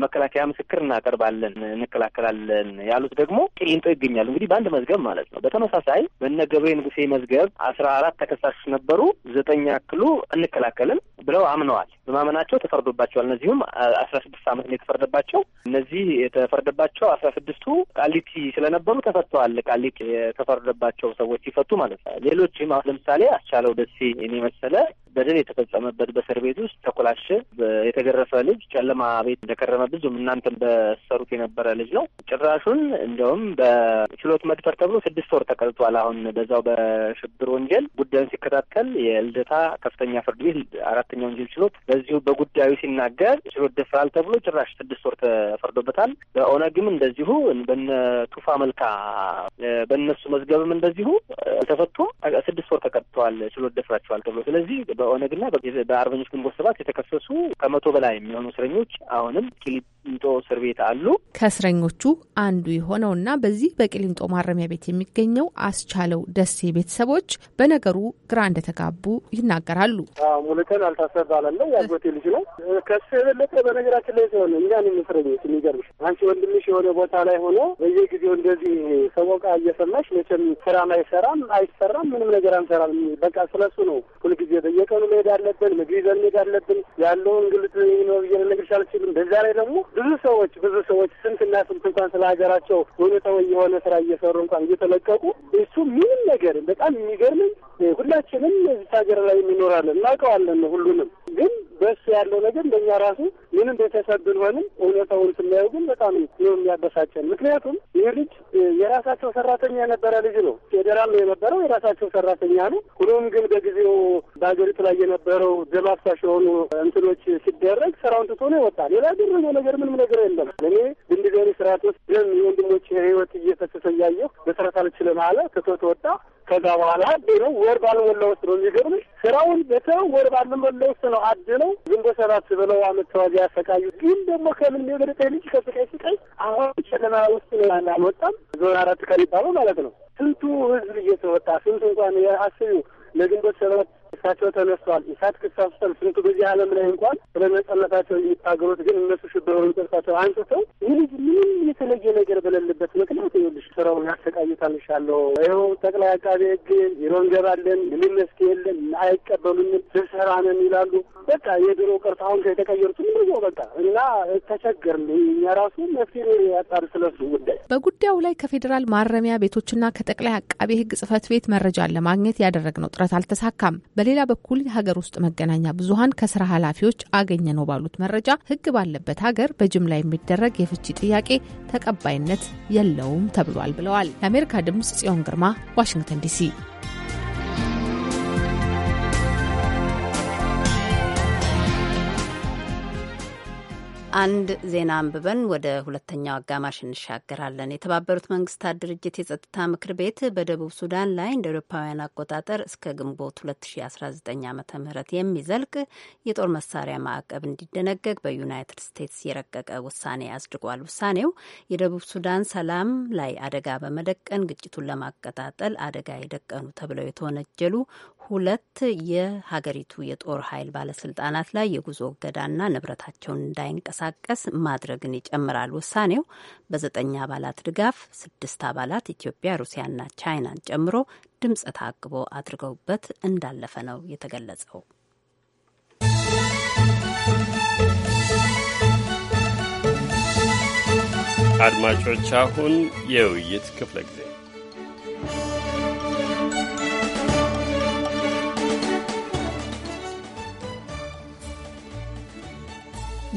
መከላከያ ምስክር እናቀርባለን፣ እንከላከላለን ያሉት ደግሞ ቅሊንጦ ይገኛሉ። እንግዲህ በአንድ መዝገብ ማለት ነው። በተመሳሳይ በነ ገብሬ ንጉሴ መዝገብ አስራ አራት ተከሳሽ ነበሩ። ዘጠኝ ያክሉ እንከላከልም ብለው አምነዋል። በማመናቸው ተፈርዶባቸዋል። እነዚሁም አስራ ስድስት አመት ነው የተፈረደባቸው። እነዚህ የተፈረደባቸው አስራ ስድስቱ ቃሊቲ ስለነበሩ ተፈተዋል። ቃሊቲ የተፈረደባቸው ሰዎች ሲፈቱ ማለት ነው። ሌሎችም ለምሳሌ አስቻለው ደሴ የኔ መሰለ በደል የተፈጸመበት በእስር ቤት ውስጥ ተኮላሸ የተገረፈ ልጅ ጨለማ ቤት እንደከረመ ብዙም እናንተም በሰሩት የነበረ ልጅ ነው። ጭራሹን እንደውም በችሎት መድፈር ተብሎ ስድስት ወር ተቀጥቷል። አሁን በዛው በሽብር ወንጀል ጉዳዩን ሲከታተል የልደታ ከፍተኛ ፍርድ ቤት አራተኛ ወንጀል ችሎት በዚሁ በጉዳዩ ሲናገር ችሎት ደፍራል ተብሎ ጭራሽ ስድስት ወር ተፈርዶበታል። በኦነግም እንደዚሁ በነ ቱፋ መልካ በእነሱ መዝገብም እንደዚሁ አልተፈቱም። ስድስት ወር ተቀጥተዋል። ችሎት ደፍራቸዋል ተብሎ ስለዚህ በኦነግና በአርበኞች ግንቦት ሰባት የተከሰሱ ከመቶ በላይ የሚሆኑ እስረኞች አሁንም ቂሊጥ ቂሊንጦ እስር ቤት አሉ። ከእስረኞቹ አንዱ የሆነውና በዚህ በቂሊንጦ ማረሚያ ቤት የሚገኘው አስቻለው ደሴ ቤተሰቦች በነገሩ ግራ እንደተጋቡ ይናገራሉ። ሙልተን አልታሰር ባላለ የአጎቴ ልጅ ነው። ከሱ የበለጠ በነገራችን ላይ ሲሆን እኛን የምስረኞች የሚገርምሽ አንቺ ወንድምሽ የሆነ ቦታ ላይ ሆኖ በየጊዜው እንደዚህ ሰቦቃ እየሰማሽ መቼም ስራም አይሰራም አይሰራም ምንም ነገር አንሰራም። በቃ ስለሱ ነው ሁልጊዜ በየቀኑ መሄድ አለብን፣ ምግብ ይዘን መሄድ አለብን ያለውን እንግልት ነው ብዬ ልነግርሽ አልችልም። በዛ ላይ ደግሞ ብዙ ሰዎች ብዙ ሰዎች ስንትና ስንት እንኳን ስለ ሀገራቸው እውነታዊ የሆነ ስራ እየሰሩ እንኳን እየተለቀቁ እሱ ምንም ነገር በጣም የሚገርምኝ ሁላችንም እዚህ ሀገር ላይ እንኖራለን እናውቀዋለን ሁሉንም ግን በሱ ያለው ነገር ለእኛ ራሱ ምንም ቤተሰብ ብንሆንም እውነታውን ስናየው ግን በጣም ነው የሚያበሳጨን። ምክንያቱም ይህ ልጅ የራሳቸው ሰራተኛ የነበረ ልጅ ነው። ፌዴራል ነው የነበረው፣ የራሳቸው ሰራተኛ ነው። ሁሉም ግን በጊዜው በሀገሪቱ ላይ የነበረው ደም አፋሳሽ የሆኑ እንትኖች ሲደረግ ስራውን ትቶ ነው ይወጣል። ሌላ ያደረገው ነገር ምንም ነገር የለም። እኔ በእንዲህ ዓይነት ስርዓት ውስጥ ግን የወንድሞች ህይወት እየፈሰሰ እያየሁ መሰረት አልችልም አለ፣ ትቶ ተወጣ። ከዛ በኋላ አዴ ነው ወር ባልሞላ ውስጥ ነው የሚገርምሽ ስራውን በተው ወር ባልሞላ ውስጥ ነው አድ ነው ግንቦት ሰባት ብለው አመት ያሰቃዩ። ግን ደግሞ ከምን የበለጠ ልጅ ከስቃይ ስቃይ አሁን ጨለማ ውስጥ ነው ያለ አልወጣም። ዞን አራት ከሚባለው ማለት ነው ስንቱ ህዝብ እየተወጣ ስንቱ እንኳን አስቡ ለግንቦት ሰባት እሳቸው ተነስተዋል። እሳት ክሳፍሰን ስንቱ በዚህ ዓለም ላይ እንኳን ስለ ነጻነታቸው የሚታገሩት ግን እነሱ ሽብረው ጥርሳቸው አንስተው ይህ ልጅ ምንም የተለየ ነገር በሌለበት ምክንያት ይኸውልሽ ስራውን ያሰቃይታልሻለሁ። ይኸው ጠቅላይ አቃቤ ሕግ ቢሮ እንገባለን ምንም መፍትሄ የለን አይቀበሉንም፣ ስሰራ ነን ይላሉ። በቃ የድሮ ቅርስ አሁን ከተቀየሩት ምንዞ በቃ እና ተቸገርን። እኛ ራሱ መፍትሄ ያጣር ስለሱ ጉዳይ። በጉዳዩ ላይ ከፌዴራል ማረሚያ ቤቶችና ከጠቅላይ አቃቤ ሕግ ጽህፈት ቤት መረጃን ለማግኘት ያደረግነው ጥረት አልተሳካም። በሌላ በኩል የሀገር ውስጥ መገናኛ ብዙሀን ከስራ ኃላፊዎች አገኘ ነው ባሉት መረጃ ህግ ባለበት ሀገር በጅምላ የሚደረግ የፍቺ ጥያቄ ተቀባይነት የለውም ተብሏል ብለዋል። ለአሜሪካ ድምጽ ጽዮን ግርማ ዋሽንግተን ዲሲ አንድ ዜና አንብበን ወደ ሁለተኛው አጋማሽ እንሻገራለን። የተባበሩት መንግስታት ድርጅት የጸጥታ ምክር ቤት በደቡብ ሱዳን ላይ እንደ አውሮፓውያን አቆጣጠር እስከ ግንቦት 2019 ዓ ም የሚዘልቅ የጦር መሳሪያ ማዕቀብ እንዲደነገግ በዩናይትድ ስቴትስ የረቀቀ ውሳኔ አስድጓል። ውሳኔው የደቡብ ሱዳን ሰላም ላይ አደጋ በመደቀን ግጭቱን ለማቀጣጠል አደጋ የደቀኑ ተብለው የተወነጀሉ ሁለት የሀገሪቱ የጦር ኃይል ባለስልጣናት ላይ የጉዞ እገዳና ንብረታቸውን እንዳይንቀሳ እንዲንቀሳቀስ ማድረግን ይጨምራል። ውሳኔው በዘጠኝ አባላት ድጋፍ ስድስት አባላት ኢትዮጵያ፣ ሩሲያና ቻይናን ጨምሮ ድምፀ ተአቅቦ አድርገውበት እንዳለፈ ነው የተገለጸው። አድማጮች አሁን የውይይት ክፍለ ጊዜ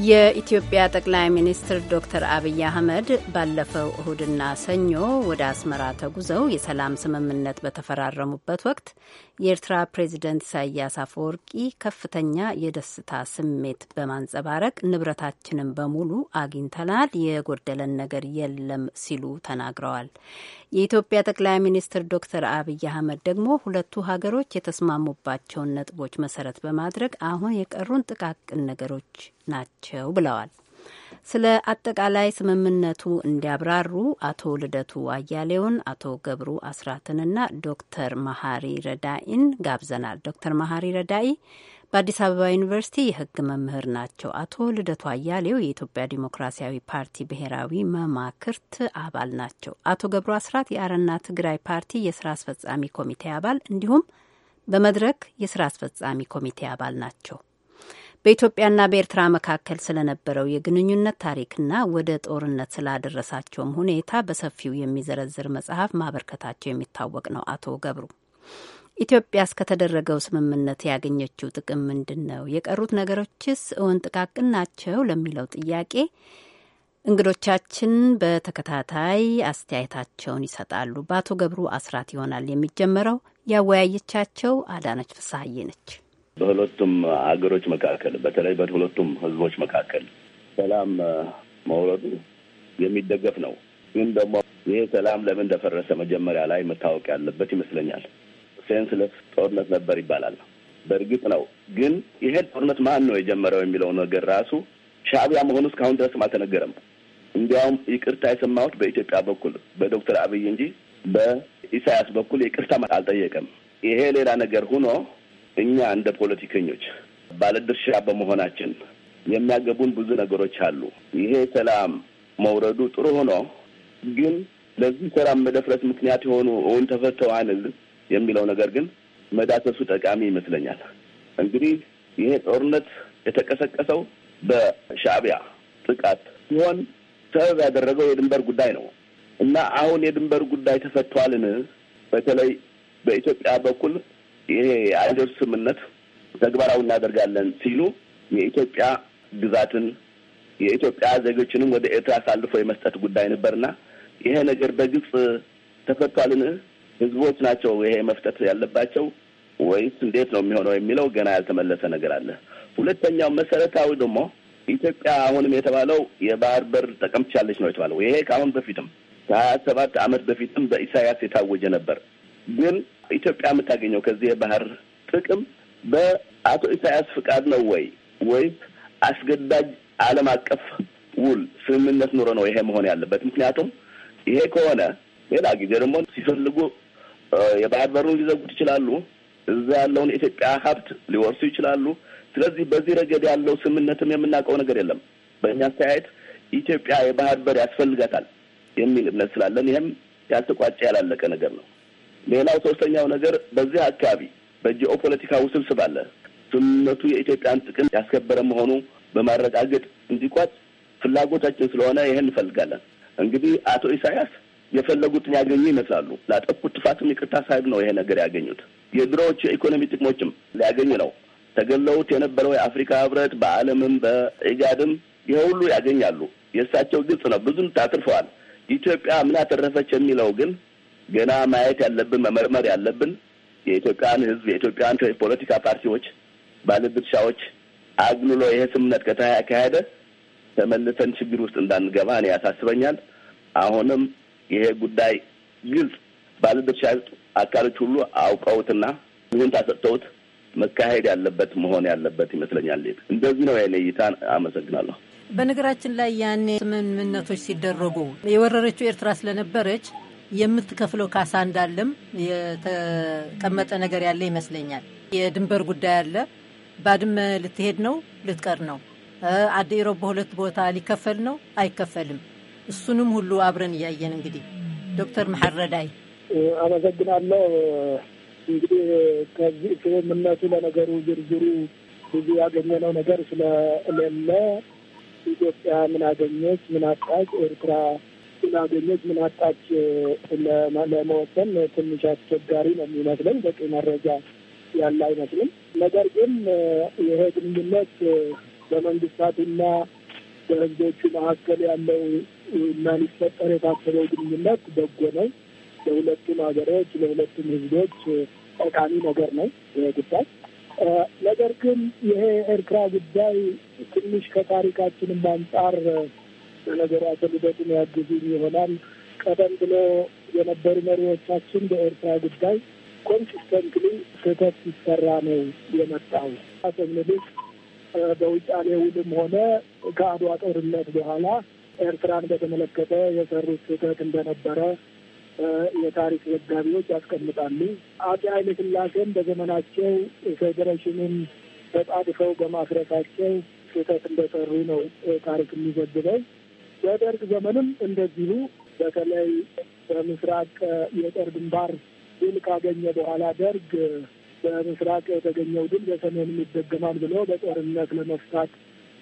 የኢትዮጵያ ጠቅላይ ሚኒስትር ዶክተር አብይ አህመድ ባለፈው እሁድና ሰኞ ወደ አስመራ ተጉዘው የሰላም ስምምነት በተፈራረሙበት ወቅት የኤርትራ ፕሬዚደንት ኢሳያስ አፈወርቂ ከፍተኛ የደስታ ስሜት በማንጸባረቅ ንብረታችንን በሙሉ አግኝተናል፣ የጎደለን ነገር የለም ሲሉ ተናግረዋል። የኢትዮጵያ ጠቅላይ ሚኒስትር ዶክተር አብይ አህመድ ደግሞ ሁለቱ ሀገሮች የተስማሙባቸውን ነጥቦች መሰረት በማድረግ አሁን የቀሩን ጥቃቅን ነገሮች ናቸው ናቸው ብለዋል። ስለ አጠቃላይ ስምምነቱ እንዲያብራሩ አቶ ልደቱ አያሌውን፣ አቶ ገብሩ አስራትንና ዶክተር መሀሪ ረዳኢን ጋብዘናል። ዶክተር መሀሪ ረዳኢ በአዲስ አበባ ዩኒቨርሲቲ የሕግ መምህር ናቸው። አቶ ልደቱ አያሌው የኢትዮጵያ ዲሞክራሲያዊ ፓርቲ ብሔራዊ መማክርት አባል ናቸው። አቶ ገብሩ አስራት የአረና ትግራይ ፓርቲ የስራ አስፈጻሚ ኮሚቴ አባል እንዲሁም በመድረክ የስራ አስፈጻሚ ኮሚቴ አባል ናቸው። በኢትዮጵያና በኤርትራ መካከል ስለነበረው የግንኙነት ታሪክና ወደ ጦርነት ስላደረሳቸውም ሁኔታ በሰፊው የሚዘረዝር መጽሐፍ ማበርከታቸው የሚታወቅ ነው። አቶ ገብሩ ኢትዮጵያ እስከተደረገው ስምምነት ያገኘችው ጥቅም ምንድን ነው? የቀሩት ነገሮችስ እውን ጥቃቅን ናቸው? ለሚለው ጥያቄ እንግዶቻችን በተከታታይ አስተያየታቸውን ይሰጣሉ። በአቶ ገብሩ አስራት ይሆናል የሚጀመረው። ያወያየቻቸው አዳነች ፍስሀዬ ነች። በሁለቱም አገሮች መካከል በተለይ በሁለቱም ህዝቦች መካከል ሰላም መውረዱ የሚደገፍ ነው። ግን ደግሞ ይሄ ሰላም ለምን እንደፈረሰ መጀመሪያ ላይ መታወቅ ያለበት ይመስለኛል። ሴንስለስ ጦርነት ነበር ይባላል። በእርግጥ ነው። ግን ይሄን ጦርነት ማን ነው የጀመረው የሚለው ነገር ራሱ ሻዕቢያ መሆኑ እስካሁን ድረስም አልተነገረም። እንዲያውም ይቅርታ የሰማሁት በኢትዮጵያ በኩል በዶክተር አብይ እንጂ በኢሳያስ በኩል ይቅርታ አልጠየቀም። ይሄ ሌላ ነገር ሁኖ? እኛ እንደ ፖለቲከኞች ባለድርሻ በመሆናችን የሚያገቡን ብዙ ነገሮች አሉ። ይሄ ሰላም መውረዱ ጥሩ ሆኖ ግን ለዚህ ሰላም መደፍረስ ምክንያት የሆኑ እውን አንል የሚለው ነገር ግን መዳሰሱ ጠቃሚ ይመስለኛል። እንግዲህ ይሄ ጦርነት የተቀሰቀሰው በሻቢያ ጥቃት ሲሆን ሰበብ ያደረገው የድንበር ጉዳይ ነው እና አሁን የድንበር ጉዳይ ተፈቷልን? በተለይ በኢትዮጵያ በኩል ይሄ የአልጀርስ ስምምነት ተግባራዊ እናደርጋለን ሲሉ የኢትዮጵያ ግዛትን የኢትዮጵያ ዜጎችንም ወደ ኤርትራ አሳልፎ የመስጠት ጉዳይ ነበርና ይሄ ነገር በግልጽ ተፈቷልን? ህዝቦች ናቸው ይሄ መፍጠት ያለባቸው ወይስ እንዴት ነው የሚሆነው የሚለው ገና ያልተመለሰ ነገር አለ። ሁለተኛው መሰረታዊ ደግሞ ኢትዮጵያ አሁንም የተባለው የባህር በር ጠቀምቻለች ነው የተባለው። ይሄ ከአሁን በፊትም ከሀያ ሰባት ዓመት በፊትም በኢሳያስ የታወጀ ነበር። ግን ኢትዮጵያ የምታገኘው ከዚህ የባህር ጥቅም በአቶ ኢሳያስ ፍቃድ ነው ወይ ወይም አስገዳጅ ዓለም አቀፍ ውል ስምምነት ኑሮ ነው ይሄ መሆን ያለበት? ምክንያቱም ይሄ ከሆነ ሌላ ጊዜ ደግሞ ሲፈልጉ የባህር በሩን ሊዘጉት ይችላሉ። እዛ ያለውን የኢትዮጵያ ሀብት ሊወርሱ ይችላሉ። ስለዚህ በዚህ ረገድ ያለው ስምምነትም የምናውቀው ነገር የለም። በእኛ አስተያየት ኢትዮጵያ የባህር በር ያስፈልጋታል የሚል እምነት ስላለን ይህም ያልተቋጨ ያላለቀ ነገር ነው። ሌላው ሶስተኛው ነገር በዚህ አካባቢ በጂኦ ፖለቲካ ውስብስብ አለ። ስምምነቱ የኢትዮጵያን ጥቅም ያስከበረ መሆኑ በማረጋገጥ እንዲቋጭ ፍላጎታችን ስለሆነ ይህን እንፈልጋለን። እንግዲህ አቶ ኢሳያስ የፈለጉትን ያገኙ ይመስላሉ። ላጠፉት ጥፋትም ይቅርታ ሳይሉ ነው ይሄ ነገር ያገኙት። የድሮዎቹ የኢኮኖሚ ጥቅሞችም ሊያገኙ ነው። ተገለውት የነበረው የአፍሪካ ህብረት በዓለምም በኢጋድም ይሄ ሁሉ ያገኛሉ። የእሳቸው ግልጽ ነው። ብዙም ታትርፈዋል። ኢትዮጵያ ምን አተረፈች የሚለው ግን ገና ማየት ያለብን መመርመር ያለብን የኢትዮጵያን ህዝብ የኢትዮጵያን ፖለቲካ ፓርቲዎች፣ ባለድርሻዎች አግንሎ ይሄ ስምምነት ከተካሄደ ተመልሰን ችግር ውስጥ እንዳንገባ እኔ ያሳስበኛል። አሁንም ይሄ ጉዳይ ግልጽ ባለድርሻ አካሎች ሁሉ አውቀውትና ይሁንታ ታሰጥተውት መካሄድ ያለበት መሆን ያለበት ይመስለኛል። እንደዚህ ነው የኔ እይታ። አመሰግናለሁ። በነገራችን ላይ ያኔ ስምምነቶች ሲደረጉ የወረረችው ኤርትራ ስለነበረች የምትከፍለው ካሳ እንዳለም የተቀመጠ ነገር ያለ ይመስለኛል። የድንበር ጉዳይ አለ። ባድመ ልትሄድ ነው፣ ልትቀር ነው። አዲ በሁለት ቦታ ሊከፈል ነው፣ አይከፈልም። እሱንም ሁሉ አብረን እያየን እንግዲህ ዶክተር መሐረዳይ አመሰግናለሁ። እንግዲህ ከዚህ ስምምነቱ ለነገሩ ዝርዝሩ ብዙ ያገኘነው ነገር ስለሌለ ኢትዮጵያ ምን አገኘች፣ ምን አጣች፣ ኤርትራ እኩል አገኘች ምን አጣች ለመወሰን ትንሽ አስቸጋሪ ነው የሚመስለኝ። በቂ መረጃ ያለ አይመስልም። ነገር ግን ይሄ ግንኙነት በመንግስታትና በህዝቦቹ መካከል ያለው እና ሊፈጠር የታሰበው ግንኙነት በጎ ነው። ለሁለቱም ሀገሮች፣ ለሁለቱም ህዝቦች ጠቃሚ ነገር ነው ይሄ ጉዳይ። ነገር ግን ይሄ ኤርትራ ጉዳይ ትንሽ ከታሪካችንም አንጻር ለነገሩ አቶ ልደቱን ያግዙኝ ይሆናል። ቀደም ብሎ የነበሩ መሪዎቻችን በኤርትራ ጉዳይ ኮንሲስተንትሊ ስህተት ሲሰራ ነው የመጣው። አቶ ምኒልክ በውጫሌ ውልም ሆነ ከአድዋ ጦርነት በኋላ ኤርትራን በተመለከተ የሰሩት ስህተት እንደነበረ የታሪክ ዘጋቢዎች ያስቀምጣሉ። አጤ ኃይለ ሥላሴም በዘመናቸው ፌዴሬሽንን ተጣድፈው በማፍረሳቸው ስህተት እንደሰሩ ነው ታሪክ የሚዘግበው። በደርግ ዘመንም እንደዚሁ በተለይ በምስራቅ የጦር ግንባር ድል ካገኘ በኋላ ደርግ በምስራቅ የተገኘው ድል በሰሜን ይደገማል ብሎ በጦርነት ለመፍታት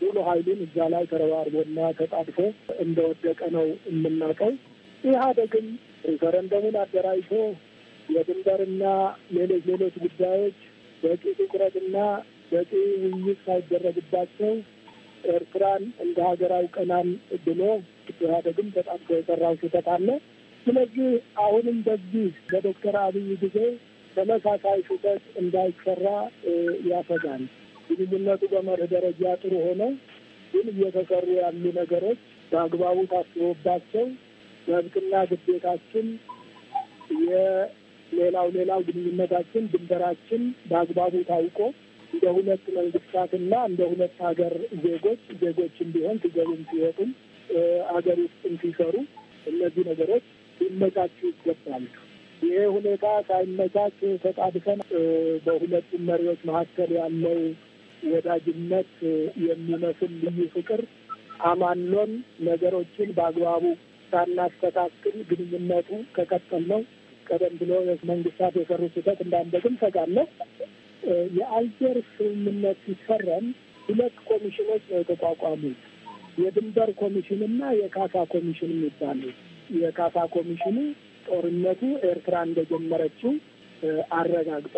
ሙሉ ኃይሉን እዛ ላይ ተረባርቦና ተጣድፎ እንደወደቀ ነው የምናውቀው። ኢህአዴግም ሪፈረንደሙን አደራጅቶ የድንበርና ሌሎች ሌሎች ጉዳዮች በቂ ትኩረትና በቂ ውይይት ሳይደረግባቸው ኤርትራን እንደ ሀገር አውቀናል ብሎ ኢህአዴግም በጣም የሰራው ስህተት አለ። ስለዚህ አሁንም በዚህ በዶክተር አብይ ጊዜ ተመሳሳይ ስህተት እንዳይሰራ ያሰጋል። ግንኙነቱ በመርህ ደረጃ ጥሩ ሆነ፣ ግን እየተሰሩ ያሉ ነገሮች በአግባቡ ታስቦባቸው መብትና ግዴታችን የሌላው ሌላው ግንኙነታችን ድንበራችን በአግባቡ ታውቆ እንደ ሁለት መንግስታትና እንደ ሁለት ሀገር ዜጎች ዜጎችም ቢሆን ሲገቡም ሲወጡም ሀገር ውስጥም ሲሰሩ እነዚህ ነገሮች ሊመቻቹ ይገባል። ይሄ ሁኔታ ሳይመቻች ተጣድፈን በሁለቱም መሪዎች መካከል ያለው ወዳጅነት የሚመስል ልዩ ፍቅር አማሎን ነገሮችን በአግባቡ ሳናስተካክል ግንኙነቱ ከቀጠል ነው ቀደም ብሎ መንግስታት የሰሩ ስህተት እንዳንደግም ሰጋለሁ። የአልጀር ስምምነት ሲፈረም ሁለት ኮሚሽኖች ነው የተቋቋሙት። የድንበር ኮሚሽን እና የካሳ ኮሚሽን የሚባሉ የካሳ ኮሚሽኑ ጦርነቱ ኤርትራ እንደጀመረችው አረጋግጦ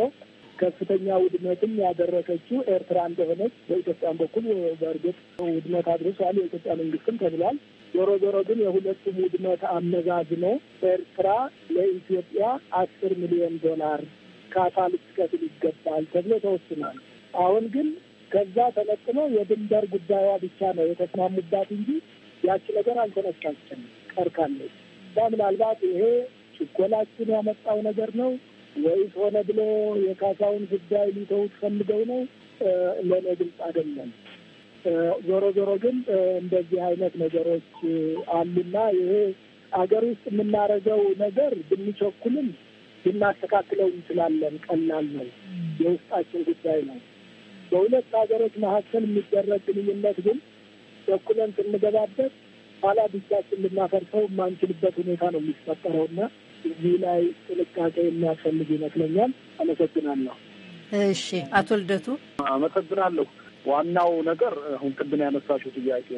ከፍተኛ ውድመትም ያደረሰችው ኤርትራ እንደሆነች በኢትዮጵያን በኩል በእርግጥ ውድመት አድርሷል የኢትዮጵያ መንግስትም ተብሏል። ዞሮ ዞሮ ግን የሁለቱም ውድመት አመዛዝኖ ኤርትራ ለኢትዮጵያ አስር ሚሊዮን ዶላር እርካታ ልትቀጥል ይገባል ተብሎ ተወስኗል። አሁን ግን ከዛ ተለቅሞ የድንበር ጉዳዩ ብቻ ነው የተስማሙባት እንጂ ያቺ ነገር አልተነሳችም፣ ቀርካለች። ምናልባት ይሄ ችኮላችን ያመጣው ነገር ነው ወይስ ሆነ ብሎ የካሳውን ጉዳይ ሊተውት ፈልገው ነው? ለእኔ ግልጽ አይደለም። ዞሮ ዞሮ ግን እንደዚህ አይነት ነገሮች አሉና ይሄ አገር ውስጥ የምናደርገው ነገር ብንቸኩልም ልናስተካክለው እንችላለን። ቀላል ነው። የውስጣችን ጉዳይ ነው። በሁለት ሀገሮች መካከል የሚደረግ ግንኙነት ግን በኩለን ስንገባበት ኋላ ብቻችን ልናፈርሰው የማንችልበት ሁኔታ ነው የሚፈጠረውና እዚህ ላይ ጥንቃቄ የሚያስፈልግ ይመስለኛል። አመሰግናለሁ። እሺ፣ አቶ ልደቱ አመሰግናለሁ። ዋናው ነገር አሁን ቅድም ያነሳሽው ጥያቄ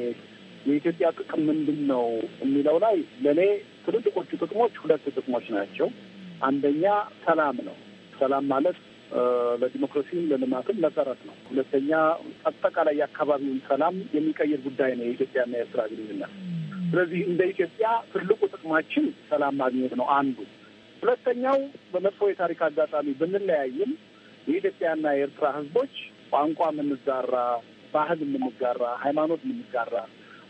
የኢትዮጵያ ጥቅም ምንድን ነው የሚለው ላይ ለእኔ ትልልቆቹ ጥቅሞች ሁለት ጥቅሞች ናቸው። አንደኛ ሰላም ነው። ሰላም ማለት ለዲሞክራሲም ለልማትም መሰረት ነው። ሁለተኛ አጠቃላይ የአካባቢውን ሰላም የሚቀይር ጉዳይ ነው የኢትዮጵያና የኤርትራ ግንኙነት። ስለዚህ እንደ ኢትዮጵያ ትልቁ ጥቅማችን ሰላም ማግኘት ነው አንዱ። ሁለተኛው በመጥፎ የታሪክ አጋጣሚ ብንለያይም የኢትዮጵያና የኤርትራ ሕዝቦች ቋንቋ የምንጋራ፣ ባህል የምንጋራ፣ ሃይማኖት የምንጋራ፣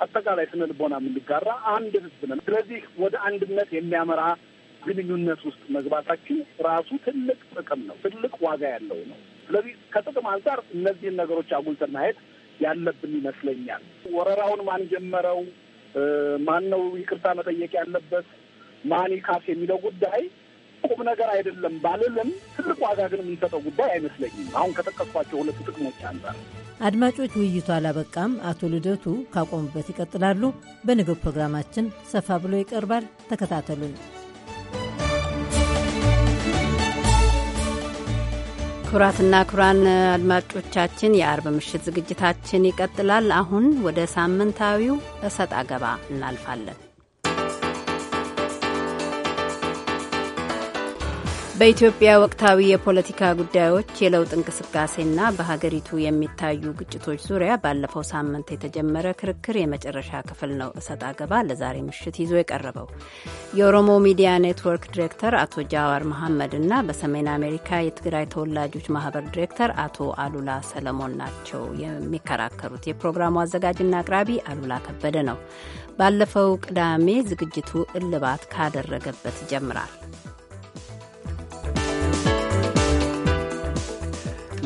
አጠቃላይ ስነ ልቦና የምንጋራ አንድ ሕዝብ ነን። ስለዚህ ወደ አንድነት የሚያመራ ግንኙነት ውስጥ መግባታችን ራሱ ትልቅ ጥቅም ነው፣ ትልቅ ዋጋ ያለው ነው። ስለዚህ ከጥቅም አንጻር እነዚህን ነገሮች አጉልተን ማየት ያለብን ይመስለኛል። ወረራውን ማን ጀመረው፣ ማን ነው ይቅርታ መጠየቅ ያለበት፣ ማን ይካስ የሚለው ጉዳይ ቁም ነገር አይደለም ባልልም ትልቅ ዋጋ ግን የምንሰጠው ጉዳይ አይመስለኝም። አሁን ከጠቀስኳቸው ሁለቱ ጥቅሞች አንጻር አድማጮች፣ ውይይቱ አላበቃም። አቶ ልደቱ ካቆሙበት ይቀጥላሉ። በንግብ ፕሮግራማችን ሰፋ ብሎ ይቀርባል። ተከታተሉን። ክቡራትና ክቡራን አድማጮቻችን የአርብ ምሽት ዝግጅታችን ይቀጥላል። አሁን ወደ ሳምንታዊው እሰጥ አገባ እናልፋለን። በኢትዮጵያ ወቅታዊ የፖለቲካ ጉዳዮች የለውጥ እንቅስቃሴና በሀገሪቱ የሚታዩ ግጭቶች ዙሪያ ባለፈው ሳምንት የተጀመረ ክርክር የመጨረሻ ክፍል ነው። እሰጥ አገባ ለዛሬ ምሽት ይዞ የቀረበው የኦሮሞ ሚዲያ ኔትወርክ ዲሬክተር አቶ ጃዋር መሐመድ እና በሰሜን አሜሪካ የትግራይ ተወላጆች ማህበር ዲሬክተር አቶ አሉላ ሰለሞን ናቸው የሚከራከሩት። የፕሮግራሙ አዘጋጅና አቅራቢ አሉላ ከበደ ነው። ባለፈው ቅዳሜ ዝግጅቱ እልባት ካደረገበት ይጀምራል።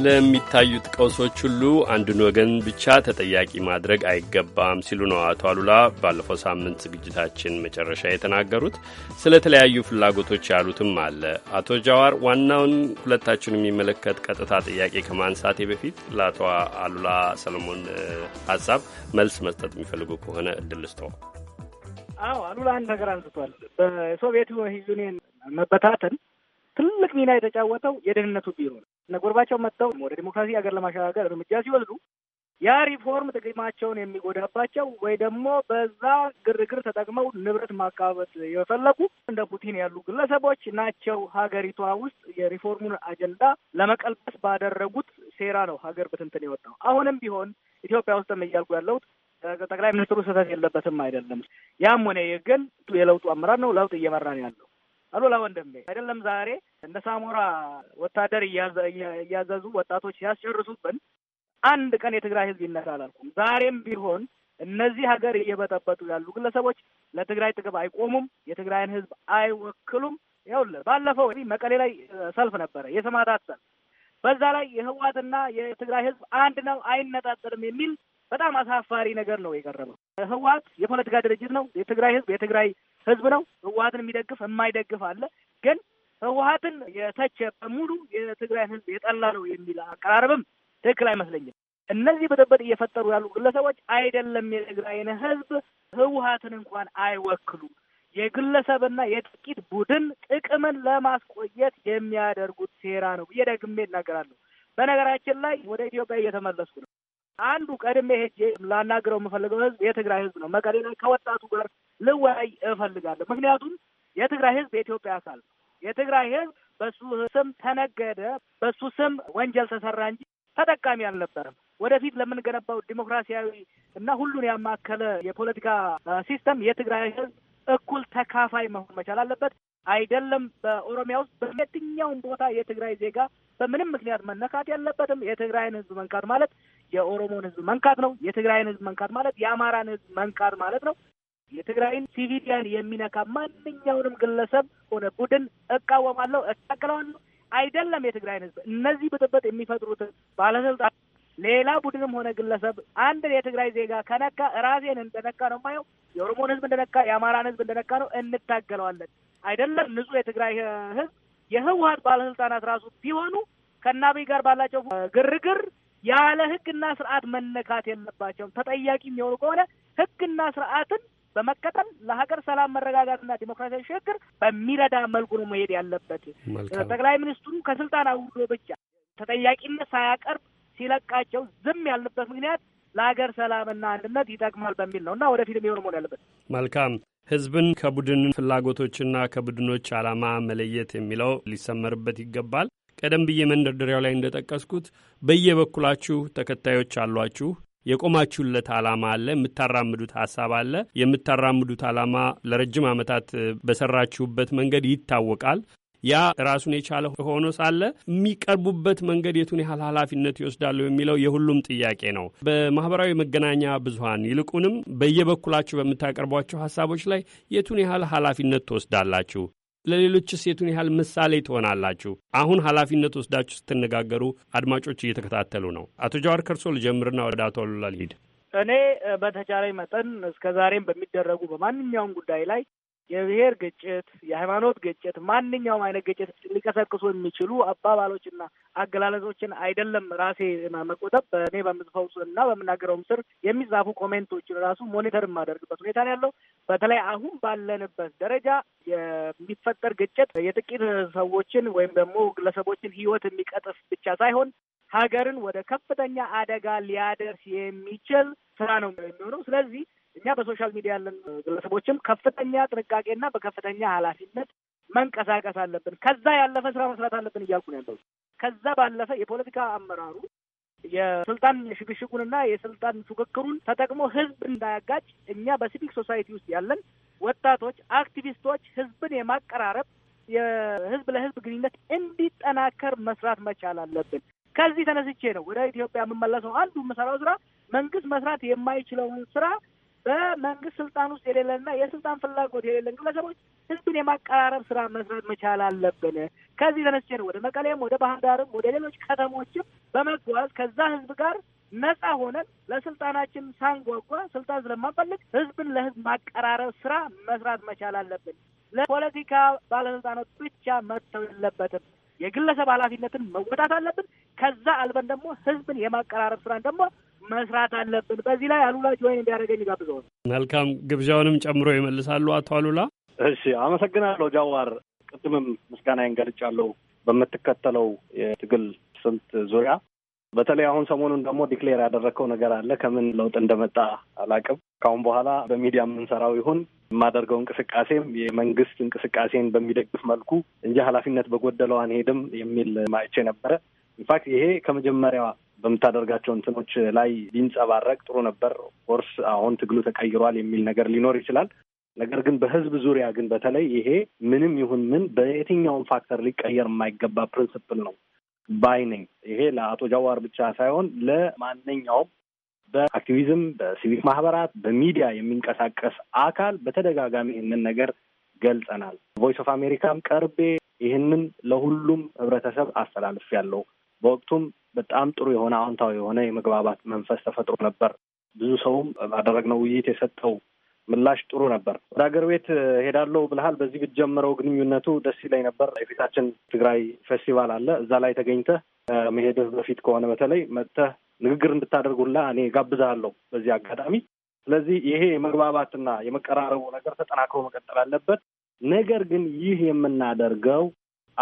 ለሚታዩት ቀውሶች ሁሉ አንድን ወገን ብቻ ተጠያቂ ማድረግ አይገባም ሲሉ ነው አቶ አሉላ ባለፈው ሳምንት ዝግጅታችን መጨረሻ የተናገሩት። ስለ ተለያዩ ፍላጎቶች ያሉትም አለ። አቶ ጃዋር ዋናውን ሁለታችሁን የሚመለከት ቀጥታ ጥያቄ ከማንሳቴ በፊት ለአቶ አሉላ ሰለሞን ሀሳብ መልስ መስጠት የሚፈልጉ ከሆነ እድል ልስጠው። አዎ አሉላ አንድ ነገር አንስቷል። በሶቪየት ዩኒየን መበታተን ትልቅ ሚና የተጫወተው የደህንነቱ ቢሮ ነው። እነ ጎርባቸው መጥተው ወደ ዲሞክራሲ ሀገር ለማሸጋገር እርምጃ ሲወስዱ ያ ሪፎርም ጥቅማቸውን የሚጎዳባቸው ወይ ደግሞ በዛ ግርግር ተጠቅመው ንብረት ማካበት የፈለጉ እንደ ፑቲን ያሉ ግለሰቦች ናቸው። ሀገሪቷ ውስጥ የሪፎርሙን አጀንዳ ለመቀልበስ ባደረጉት ሴራ ነው ሀገር በትንትን የወጣው። አሁንም ቢሆን ኢትዮጵያ ውስጥም እያልኩ ያለሁት ጠቅላይ ሚኒስትሩ ስህተት የለበትም አይደለም። ያም ሆነ ግን የለውጡ አመራር ነው ለውጥ እየመራን ያለው። አሉላ ወንድሜ አይደለም ዛሬ እንደ ሳሞራ ወታደር እያዘዙ ወጣቶች ሲያስጨርሱብን አንድ ቀን የትግራይ ህዝብ ይነሳ ዛሬም ቢሆን እነዚህ ሀገር እየበጠበጡ ያሉ ግለሰቦች ለትግራይ ጥቅም አይቆሙም፣ የትግራይን ህዝብ አይወክሉም። ይኸውልህ ባለፈው መቀሌ ላይ ሰልፍ ነበረ፣ የሰማዕታት ሰልፍ። በዛ ላይ የህወሓትና የትግራይ ህዝብ አንድ ነው፣ አይነጣጠልም የሚል በጣም አሳፋሪ ነገር ነው የቀረበው። ህወሀት የፖለቲካ ድርጅት ነው። የትግራይ ህዝብ የትግራይ ህዝብ ነው። ህወሀትን የሚደግፍ የማይደግፍ አለ። ግን ህወሀትን የተቸ በሙሉ የትግራይ ህዝብ የጠላ ነው የሚል አቀራረብም ትክክል አይመስለኝም። እነዚህ ብጥብጥ እየፈጠሩ ያሉ ግለሰቦች አይደለም የትግራይን ህዝብ ህወሀትን እንኳን አይወክሉም። የግለሰብና የጥቂት ቡድን ጥቅምን ለማስቆየት የሚያደርጉት ሴራ ነው ብዬ ደግሜ እናገራለሁ። በነገራችን ላይ ወደ ኢትዮጵያ እየተመለስኩ ነው። አንዱ ቀድሜ ሄጄ ላናግረው የምፈልገው ህዝብ የትግራይ ህዝብ ነው። መቀሌ ላይ ከወጣቱ ጋር ልወያይ እፈልጋለሁ። ምክንያቱም የትግራይ ህዝብ የኢትዮጵያ አካል ነው። የትግራይ ህዝብ በሱ ስም ተነገደ፣ በሱ ስም ወንጀል ተሰራ እንጂ ተጠቃሚ አልነበረም። ወደፊት ለምንገነባው ዲሞክራሲያዊ እና ሁሉን ያማከለ የፖለቲካ ሲስተም የትግራይ ህዝብ እኩል ተካፋይ መሆን መቻል አለበት። አይደለም በኦሮሚያ ውስጥ በየትኛውም ቦታ የትግራይ ዜጋ በምንም ምክንያት መነካት ያለበትም። የትግራይን ህዝብ መንካት ማለት የኦሮሞን ህዝብ መንካት ነው። የትግራይን ህዝብ መንካት ማለት የአማራን ህዝብ መንካት ማለት ነው። የትግራይን ሲቪሊያን የሚነካ ማንኛውንም ግለሰብ ሆነ ቡድን እቃወማለሁ፣ እታቅለዋለሁ። አይደለም የትግራይን ህዝብ እነዚህ ብጥብጥ የሚፈጥሩትን ባለስልጣን ሌላ ቡድንም ሆነ ግለሰብ አንድ የትግራይ ዜጋ ከነካ ራሴን እንደነካ ነው የማየው። የኦሮሞን ህዝብ እንደነካ፣ የአማራን ህዝብ እንደነካ ነው። እንታገለዋለን። አይደለም ንጹህ የትግራይ ህዝብ የህወሀት ባለስልጣናት ራሱ ቢሆኑ ከናቢ ጋር ባላቸው ግርግር ያለ ህግና ስርዓት መነካት የለባቸውም። ተጠያቂ የሚሆኑ ከሆነ ህግና ስርዓትን በመከተል ለሀገር ሰላም መረጋጋትና ዲሞክራሲያዊ ሽግግር በሚረዳ መልኩ ነው መሄድ ያለበት። ጠቅላይ ሚኒስትሩ ከስልጣን አውዶ ብቻ ተጠያቂነት ሳያቀርብ ሲለቃቸው ዝም ያልንበት ምክንያት ለሀገር ሰላምና አንድነት ይጠቅማል በሚል ነው እና ወደፊት የሆነ መሆን ያለበት መልካም ህዝብን ከቡድን ፍላጎቶችና ከቡድኖች ዓላማ መለየት የሚለው ሊሰመርበት ይገባል። ቀደም ብዬ መንደርደሪያው ላይ እንደጠቀስኩት በየበኩላችሁ ተከታዮች አሏችሁ። የቆማችሁለት ዓላማ አለ፣ የምታራምዱት ሀሳብ አለ። የምታራምዱት ዓላማ ለረጅም ዓመታት በሰራችሁበት መንገድ ይታወቃል። ያ ራሱን የቻለ ሆኖ ሳለ የሚቀርቡበት መንገድ የቱን ያህል ኃላፊነት ይወስዳሉ የሚለው የሁሉም ጥያቄ ነው። በማህበራዊ መገናኛ ብዙሀን ይልቁንም በየበኩላችሁ በምታቀርቧቸው ሀሳቦች ላይ የቱን ያህል ኃላፊነት ትወስዳላችሁ? ለሌሎችስ የቱን ያህል ምሳሌ ትሆናላችሁ? አሁን ኃላፊነት ወስዳችሁ ስትነጋገሩ አድማጮች እየተከታተሉ ነው። አቶ ጀዋር ከርሶ ልጀምርና ወደ አቶ አሉላ ልሂድ። እኔ በተቻለኝ መጠን እስከ ዛሬም በሚደረጉ በማንኛውም ጉዳይ ላይ የብሔር ግጭት፣ የሃይማኖት ግጭት፣ ማንኛውም አይነት ግጭት ሊቀሰቅሱ የሚችሉ አባባሎችና አገላለጾችን አይደለም ራሴ መቆጠብ በእኔ በምጽፈው እና በምናገረውም ስር የሚጻፉ ኮሜንቶችን ራሱ ሞኒተር የማደርግበት ሁኔታ ነው ያለው። በተለይ አሁን ባለንበት ደረጃ የሚፈጠር ግጭት የጥቂት ሰዎችን ወይም ደግሞ ግለሰቦችን ህይወት የሚቀጥፍ ብቻ ሳይሆን ሀገርን ወደ ከፍተኛ አደጋ ሊያደርስ የሚችል ስራ ነው የሚሆነው። ስለዚህ እኛ በሶሻል ሚዲያ ያለን ግለሰቦችም ከፍተኛ ጥንቃቄና በከፍተኛ ኃላፊነት መንቀሳቀስ አለብን። ከዛ ያለፈ ስራ መስራት አለብን እያልኩ ነው ያለው። ከዛ ባለፈ የፖለቲካ አመራሩ የስልጣን ሽግሽጉንና የስልጣን ፉክክሩን ተጠቅሞ ህዝብ እንዳያጋጭ እኛ በሲቪክ ሶሳይቲ ውስጥ ያለን ወጣቶች፣ አክቲቪስቶች ህዝብን የማቀራረብ የህዝብ ለህዝብ ግንኙነት እንዲጠናከር መስራት መቻል አለብን። ከዚህ ተነስቼ ነው ወደ ኢትዮጵያ የምመለሰው። አንዱ የምሰራው ስራ መንግስት መስራት የማይችለውን ስራ በመንግስት ስልጣን ውስጥ የሌለና የስልጣን ፍላጎት የሌለን ግለሰቦች ህዝብን የማቀራረብ ስራ መስራት መቻል አለብን። ከዚህ ተነስቼ ነው ወደ መቀሌም ወደ ባህር ዳርም ወደ ሌሎች ከተሞችም በመጓዝ ከዛ ህዝብ ጋር ነጻ ሆነን ለስልጣናችን ሳንጓጓ ስልጣን ስለማንፈልግ ህዝብን ለህዝብ ማቀራረብ ስራ መስራት መቻል አለብን። ለፖለቲካ ባለስልጣናት ብቻ መተው የለበትም። የግለሰብ ኃላፊነትን መወጣት አለብን። ከዛ አልበን ደግሞ ህዝብን የማቀራረብ ስራን ደግሞ መስራት አለብን። በዚህ ላይ አሉላ ጆይን እንዲያደርገኝ ጋብዘዋል። መልካም ግብዣውንም ጨምሮ ይመልሳሉ አቶ አሉላ። እሺ አመሰግናለሁ ጃዋር። ቅድምም ምስጋናዬን ገልጫለሁ በምትከተለው የትግል ስልት ዙሪያ በተለይ አሁን ሰሞኑን ደግሞ ዲክሌር ያደረግከው ነገር አለ። ከምን ለውጥ እንደመጣ አላቅም። ከአሁን በኋላ በሚዲያ የምንሰራው ይሁን የማደርገው እንቅስቃሴም የመንግስት እንቅስቃሴን በሚደግፍ መልኩ እንጂ ኃላፊነት በጎደለው አንሄድም የሚል ማይቼ ነበረ። ኢንፋክት ይሄ ከመጀመሪያ በምታደርጋቸው እንትኖች ላይ ሊንጸባረቅ ጥሩ ነበር። ኮርስ አሁን ትግሉ ተቀይሯል የሚል ነገር ሊኖር ይችላል። ነገር ግን በህዝብ ዙሪያ ግን በተለይ ይሄ ምንም ይሁን ምን በየትኛውም ፋክተር ሊቀየር የማይገባ ፕሪንስፕል ነው ባይ ነኝ። ይሄ ለአቶ ጃዋር ብቻ ሳይሆን ለማንኛውም በአክቲቪዝም፣ በሲቪክ ማህበራት፣ በሚዲያ የሚንቀሳቀስ አካል በተደጋጋሚ ይህንን ነገር ገልጸናል። ቮይስ ኦፍ አሜሪካም ቀርቤ ይህንን ለሁሉም ህብረተሰብ አስተላልፍ ያለው በወቅቱም በጣም ጥሩ የሆነ አዎንታዊ የሆነ የመግባባት መንፈስ ተፈጥሮ ነበር። ብዙ ሰውም ባደረግነው ውይይት የሰጠው ምላሽ ጥሩ ነበር። ወደ ሀገር ቤት ሄዳለሁ ብልሃል። በዚህ ብትጀምረው ግንኙነቱ ደስ ይለኝ ነበር። የፊታችን ትግራይ ፌስቲቫል አለ። እዛ ላይ ተገኝተህ መሄድህ በፊት ከሆነ በተለይ መጥተህ ንግግር እንድታደርጉላ እኔ ጋብዛለሁ በዚህ አጋጣሚ። ስለዚህ ይሄ የመግባባትና የመቀራረቡ ነገር ተጠናክሮ መቀጠል አለበት። ነገር ግን ይህ የምናደርገው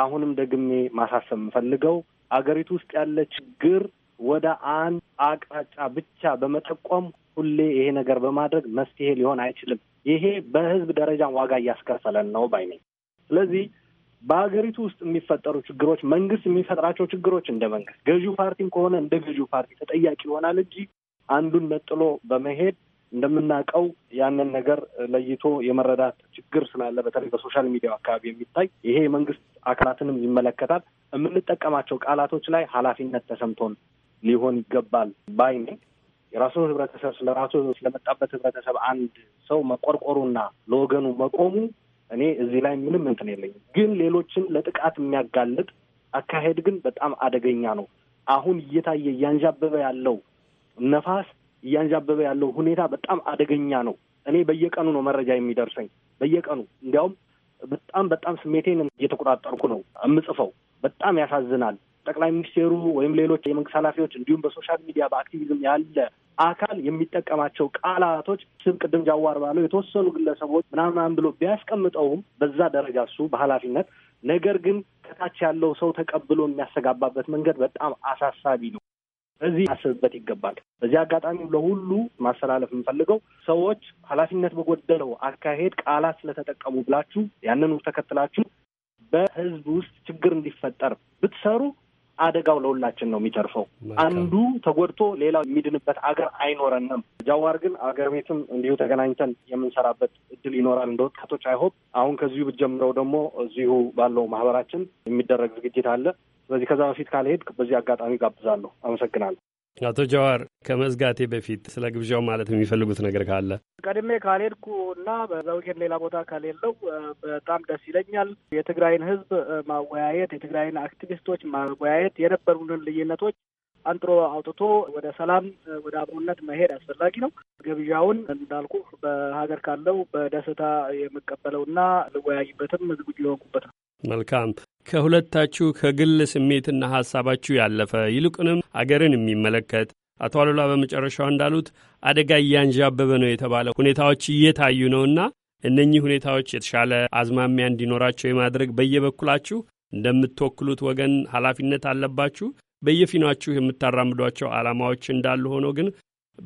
አሁንም ደግሜ ማሳሰብ የምፈልገው አገሪቱ ውስጥ ያለ ችግር ወደ አንድ አቅጣጫ ብቻ በመጠቆም ሁሌ ይሄ ነገር በማድረግ መፍትሄ ሊሆን አይችልም። ይሄ በህዝብ ደረጃ ዋጋ እያስከፈለን ነው ባይ ነኝ። ስለዚህ በሀገሪቱ ውስጥ የሚፈጠሩ ችግሮች መንግስት የሚፈጥራቸው ችግሮች እንደ መንግስት ገዢው ፓርቲም ከሆነ እንደ ገዢው ፓርቲ ተጠያቂ ይሆናል እንጂ አንዱን ነጥሎ በመሄድ እንደምናውቀው ያንን ነገር ለይቶ የመረዳት ችግር ስላለ በተለይ በሶሻል ሚዲያው አካባቢ የሚታይ ይሄ የመንግስት አካላትንም ይመለከታል። የምንጠቀማቸው ቃላቶች ላይ ኃላፊነት ተሰምቶን ሊሆን ይገባል ባይ ነኝ። የራሱን ህብረተሰብ ስለራሱ ስለመጣበት ህብረተሰብ አንድ ሰው መቆርቆሩና ለወገኑ መቆሙ እኔ እዚህ ላይ ምንም እንትን የለኝም። ግን ሌሎችን ለጥቃት የሚያጋልጥ አካሄድ ግን በጣም አደገኛ ነው። አሁን እየታየ እያንዣበበ ያለው ነፋስ እያንዣበበ ያለው ሁኔታ በጣም አደገኛ ነው። እኔ በየቀኑ ነው መረጃ የሚደርሰኝ በየቀኑ እንዲያውም በጣም በጣም ስሜቴን እየተቆጣጠርኩ ነው የምጽፈው። በጣም ያሳዝናል። ጠቅላይ ሚኒስቴሩ ወይም ሌሎች የመንግስት ኃላፊዎች እንዲሁም በሶሻል ሚዲያ በአክቲቪዝም ያለ አካል የሚጠቀማቸው ቃላቶች ስብ ቅድም ጃዋር ባለው የተወሰኑ ግለሰቦች ምናምናም ብሎ ቢያስቀምጠውም በዛ ደረጃ እሱ በኃላፊነት ነገር ግን ከታች ያለው ሰው ተቀብሎ የሚያስተጋባበት መንገድ በጣም አሳሳቢ ነው። እዚህ አስብበት ይገባል። በዚህ አጋጣሚ ለሁሉ ማስተላለፍ የምፈልገው ሰዎች ኃላፊነት በጎደለው አካሄድ ቃላት ስለተጠቀሙ ብላችሁ ያንኑ ተከትላችሁ በህዝብ ውስጥ ችግር እንዲፈጠር ብትሰሩ አደጋው ለሁላችን ነው የሚተርፈው። አንዱ ተጎድቶ ሌላው የሚድንበት አገር አይኖረንም። ጃዋር ግን አገር ቤትም እንዲሁ ተገናኝተን የምንሰራበት እድል ይኖራል። እንደ ወጣቶች አይሆን አሁን ከዚሁ ብትጀምረው ደግሞ እዚሁ ባለው ማህበራችን የሚደረግ ዝግጅት አለ። ስለዚህ ከዛ በፊት ካልሄድ በዚህ አጋጣሚ ጋብዛለሁ። አመሰግናለሁ። አቶ ጀዋር ከመዝጋቴ በፊት ስለ ግብዣው ማለት የሚፈልጉት ነገር ካለ? ቀድሜ ካልሄድኩ እና በዛ ዊኬንድ ሌላ ቦታ ከሌለው በጣም ደስ ይለኛል። የትግራይን ህዝብ ማወያየት፣ የትግራይን አክቲቪስቶች ማወያየት፣ የነበሩንን ልዩነቶች አንጥሮ አውጥቶ ወደ ሰላም ወደ አብሮነት መሄድ አስፈላጊ ነው። ግብዣውን እንዳልኩ በሀገር ካለው በደስታ የምቀበለውና ልወያይበትም ዝግጁ የሆንኩበት ነው። መልካም ከሁለታችሁ ከግል ስሜትና ሀሳባችሁ ያለፈ ይልቁንም አገርን የሚመለከት አቶ አሉላ በመጨረሻው እንዳሉት አደጋ እያንዣበበ ነው የተባለ ሁኔታዎች እየታዩ ነውና እነኚህ ሁኔታዎች የተሻለ አዝማሚያ እንዲኖራቸው የማድረግ በየበኩላችሁ እንደምትወክሉት ወገን ኃላፊነት አለባችሁ። በየፊናችሁ የምታራምዷቸው ዓላማዎች እንዳሉ ሆኖ ግን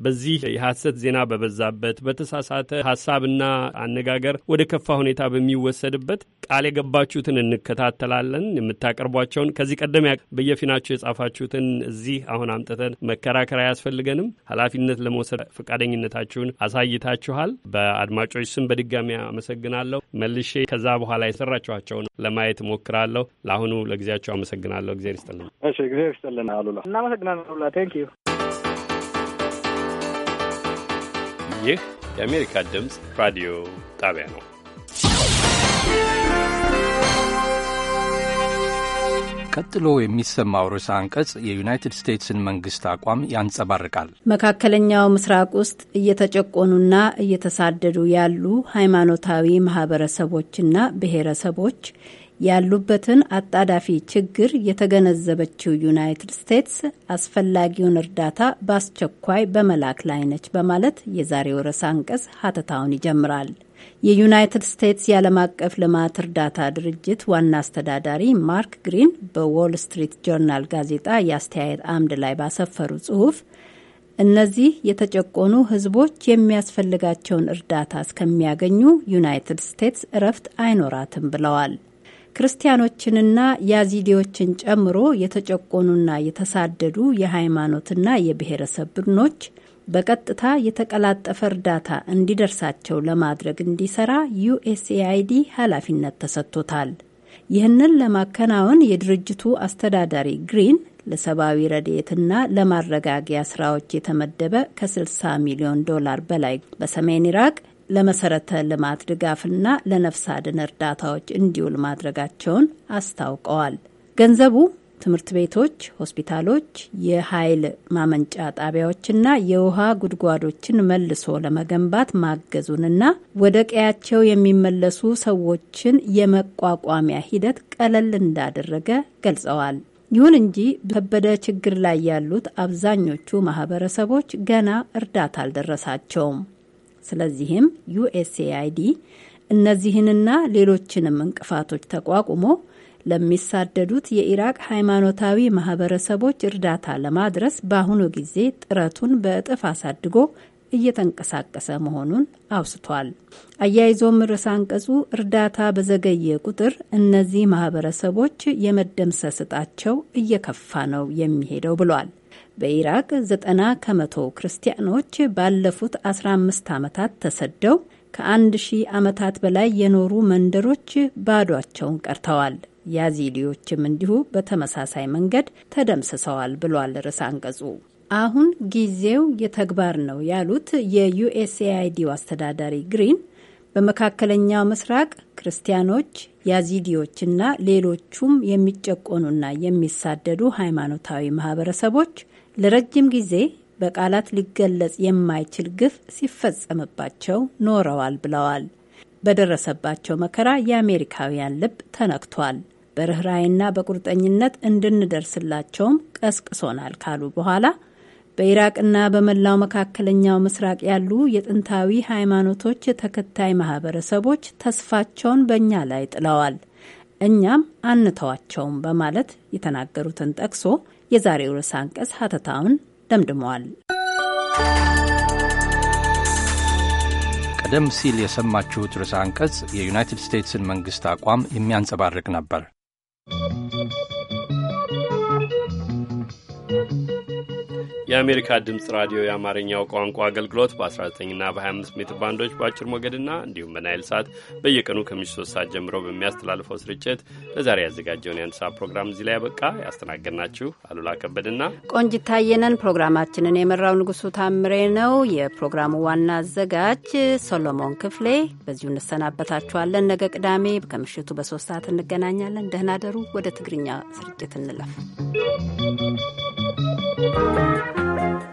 በዚህ የሐሰት ዜና በበዛበት በተሳሳተ ሀሳብና አነጋገር ወደ ከፋ ሁኔታ በሚወሰድበት ቃል የገባችሁትን እንከታተላለን። የምታቀርቧቸውን ከዚህ ቀደም በየፊናቸው የጻፋችሁትን እዚህ አሁን አምጥተን መከራከር አያስፈልገንም። ኃላፊነት ለመውሰድ ፈቃደኝነታችሁን አሳይታችኋል። በአድማጮች ስም በድጋሚ አመሰግናለሁ። መልሼ ከዛ በኋላ የሰራችኋቸውን ለማየት እሞክራለሁ። ለአሁኑ ለጊዜያቸው አመሰግናለሁ። እግዜር ይስጥልን። እሺ፣ እግዜር ይስጥልን አሉላ። እናመሰግናለን አሉላ። ቴንክ ዩ ይህ የአሜሪካ ድምፅ ራዲዮ ጣቢያ ነው። ቀጥሎ የሚሰማው ርዕሰ አንቀጽ የዩናይትድ ስቴትስን መንግስት አቋም ያንጸባርቃል። መካከለኛው ምስራቅ ውስጥ እየተጨቆኑና እየተሳደዱ ያሉ ሃይማኖታዊ ማህበረሰቦችና ብሔረሰቦች ያሉበትን አጣዳፊ ችግር የተገነዘበችው ዩናይትድ ስቴትስ አስፈላጊውን እርዳታ በአስቸኳይ በመላክ ላይ ነች በማለት የዛሬው ርዕሰ አንቀጽ ሀተታውን ይጀምራል። የዩናይትድ ስቴትስ የዓለም አቀፍ ልማት እርዳታ ድርጅት ዋና አስተዳዳሪ ማርክ ግሪን በዎል ስትሪት ጆርናል ጋዜጣ የአስተያየት አምድ ላይ ባሰፈሩ ጽሑፍ እነዚህ የተጨቆኑ ሕዝቦች የሚያስፈልጋቸውን እርዳታ እስከሚያገኙ ዩናይትድ ስቴትስ እረፍት አይኖራትም ብለዋል። ክርስቲያኖችንና ያዚዲዎችን ጨምሮ የተጨቆኑና የተሳደዱ የሃይማኖትና የብሔረሰብ ቡድኖች በቀጥታ የተቀላጠፈ እርዳታ እንዲደርሳቸው ለማድረግ እንዲሰራ ዩኤስኤአይዲ ኃላፊነት ተሰጥቶታል። ይህንን ለማከናወን የድርጅቱ አስተዳዳሪ ግሪን ለሰብአዊ ረድኤትና ለማረጋጊያ ስራዎች የተመደበ ከ60 ሚሊዮን ዶላር በላይ በሰሜን ኢራቅ ለመሰረተ ልማት ድጋፍና ለነፍስ አድን እርዳታዎች እንዲውል ማድረጋቸውን አስታውቀዋል። ገንዘቡ ትምህርት ቤቶች፣ ሆስፒታሎች፣ የኃይል ማመንጫ ጣቢያዎችና የውሃ ጉድጓዶችን መልሶ ለመገንባት ማገዙንና ወደ ቀያቸው የሚመለሱ ሰዎችን የመቋቋሚያ ሂደት ቀለል እንዳደረገ ገልጸዋል። ይሁን እንጂ በከበደ ችግር ላይ ያሉት አብዛኞቹ ማህበረሰቦች ገና እርዳታ አልደረሳቸውም። ስለዚህም ዩኤስኤአይዲ እነዚህንና ሌሎችንም እንቅፋቶች ተቋቁሞ ለሚሳደዱት የኢራቅ ሃይማኖታዊ ማህበረሰቦች እርዳታ ለማድረስ በአሁኑ ጊዜ ጥረቱን በእጥፍ አሳድጎ እየተንቀሳቀሰ መሆኑን አውስቷል። አያይዞም ርዕሰ አንቀጹ እርዳታ በዘገየ ቁጥር እነዚህ ማህበረሰቦች የመደምሰስ እጣቸው እየከፋ ነው የሚሄደው ብሏል። በኢራቅ ዘጠና ከመቶ ክርስቲያኖች ባለፉት 15 ዓመታት ተሰደው ከአንድ ሺህ ዓመታት በላይ የኖሩ መንደሮች ባዷቸውን ቀርተዋል። ያዚዲዎችም እንዲሁ በተመሳሳይ መንገድ ተደምስሰዋል ብሏል ርዕሰ አንቀጹ። አሁን ጊዜው የተግባር ነው ያሉት የዩኤስኤአይዲው አስተዳዳሪ ግሪን በመካከለኛው ምስራቅ ክርስቲያኖች፣ ያዚዲዎች እና ሌሎቹም የሚጨቆኑና የሚሳደዱ ሃይማኖታዊ ማህበረሰቦች ለረጅም ጊዜ በቃላት ሊገለጽ የማይችል ግፍ ሲፈጸምባቸው ኖረዋል ብለዋል። በደረሰባቸው መከራ የአሜሪካውያን ልብ ተነክቷል። በርኅራይና በቁርጠኝነት እንድንደርስላቸውም ቀስቅሶናል ካሉ በኋላ በኢራቅና በመላው መካከለኛው ምስራቅ ያሉ የጥንታዊ ሃይማኖቶች ተከታይ ማህበረሰቦች ተስፋቸውን በእኛ ላይ ጥለዋል፣ እኛም አንተዋቸውም በማለት የተናገሩትን ጠቅሶ የዛሬው ርዕሰ አንቀጽ ሀተታውን ደምድመዋል። ቀደም ሲል የሰማችሁት ርዕሰ አንቀጽ የዩናይትድ ስቴትስን መንግሥት አቋም የሚያንጸባርቅ ነበር። የአሜሪካ ድምፅ ራዲዮ የአማርኛው ቋንቋ አገልግሎት በ19ና በ25 ሜትር ባንዶች በአጭር ሞገድና እንዲሁም በናይል ሳት በየቀኑ ከምሽቱ 3 ሰዓት ጀምሮ በሚያስተላልፈው ስርጭት ለዛሬ ያዘጋጀውን የአንድ ሰዓት ፕሮግራም እዚህ ላይ ያበቃ። ያስተናገድናችሁ አሉላ ከበድና ቆንጅ ታየነን፣ ፕሮግራማችንን የመራው ንጉሱ ታምሬ ነው። የፕሮግራሙ ዋና አዘጋጅ ሶሎሞን ክፍሌ። በዚሁ እንሰናበታችኋለን። ነገ ቅዳሜ ከምሽቱ በሶስት ሰዓት እንገናኛለን። ደህና ደሩ። ወደ ትግርኛ ስርጭት እንለፍ። Thank you.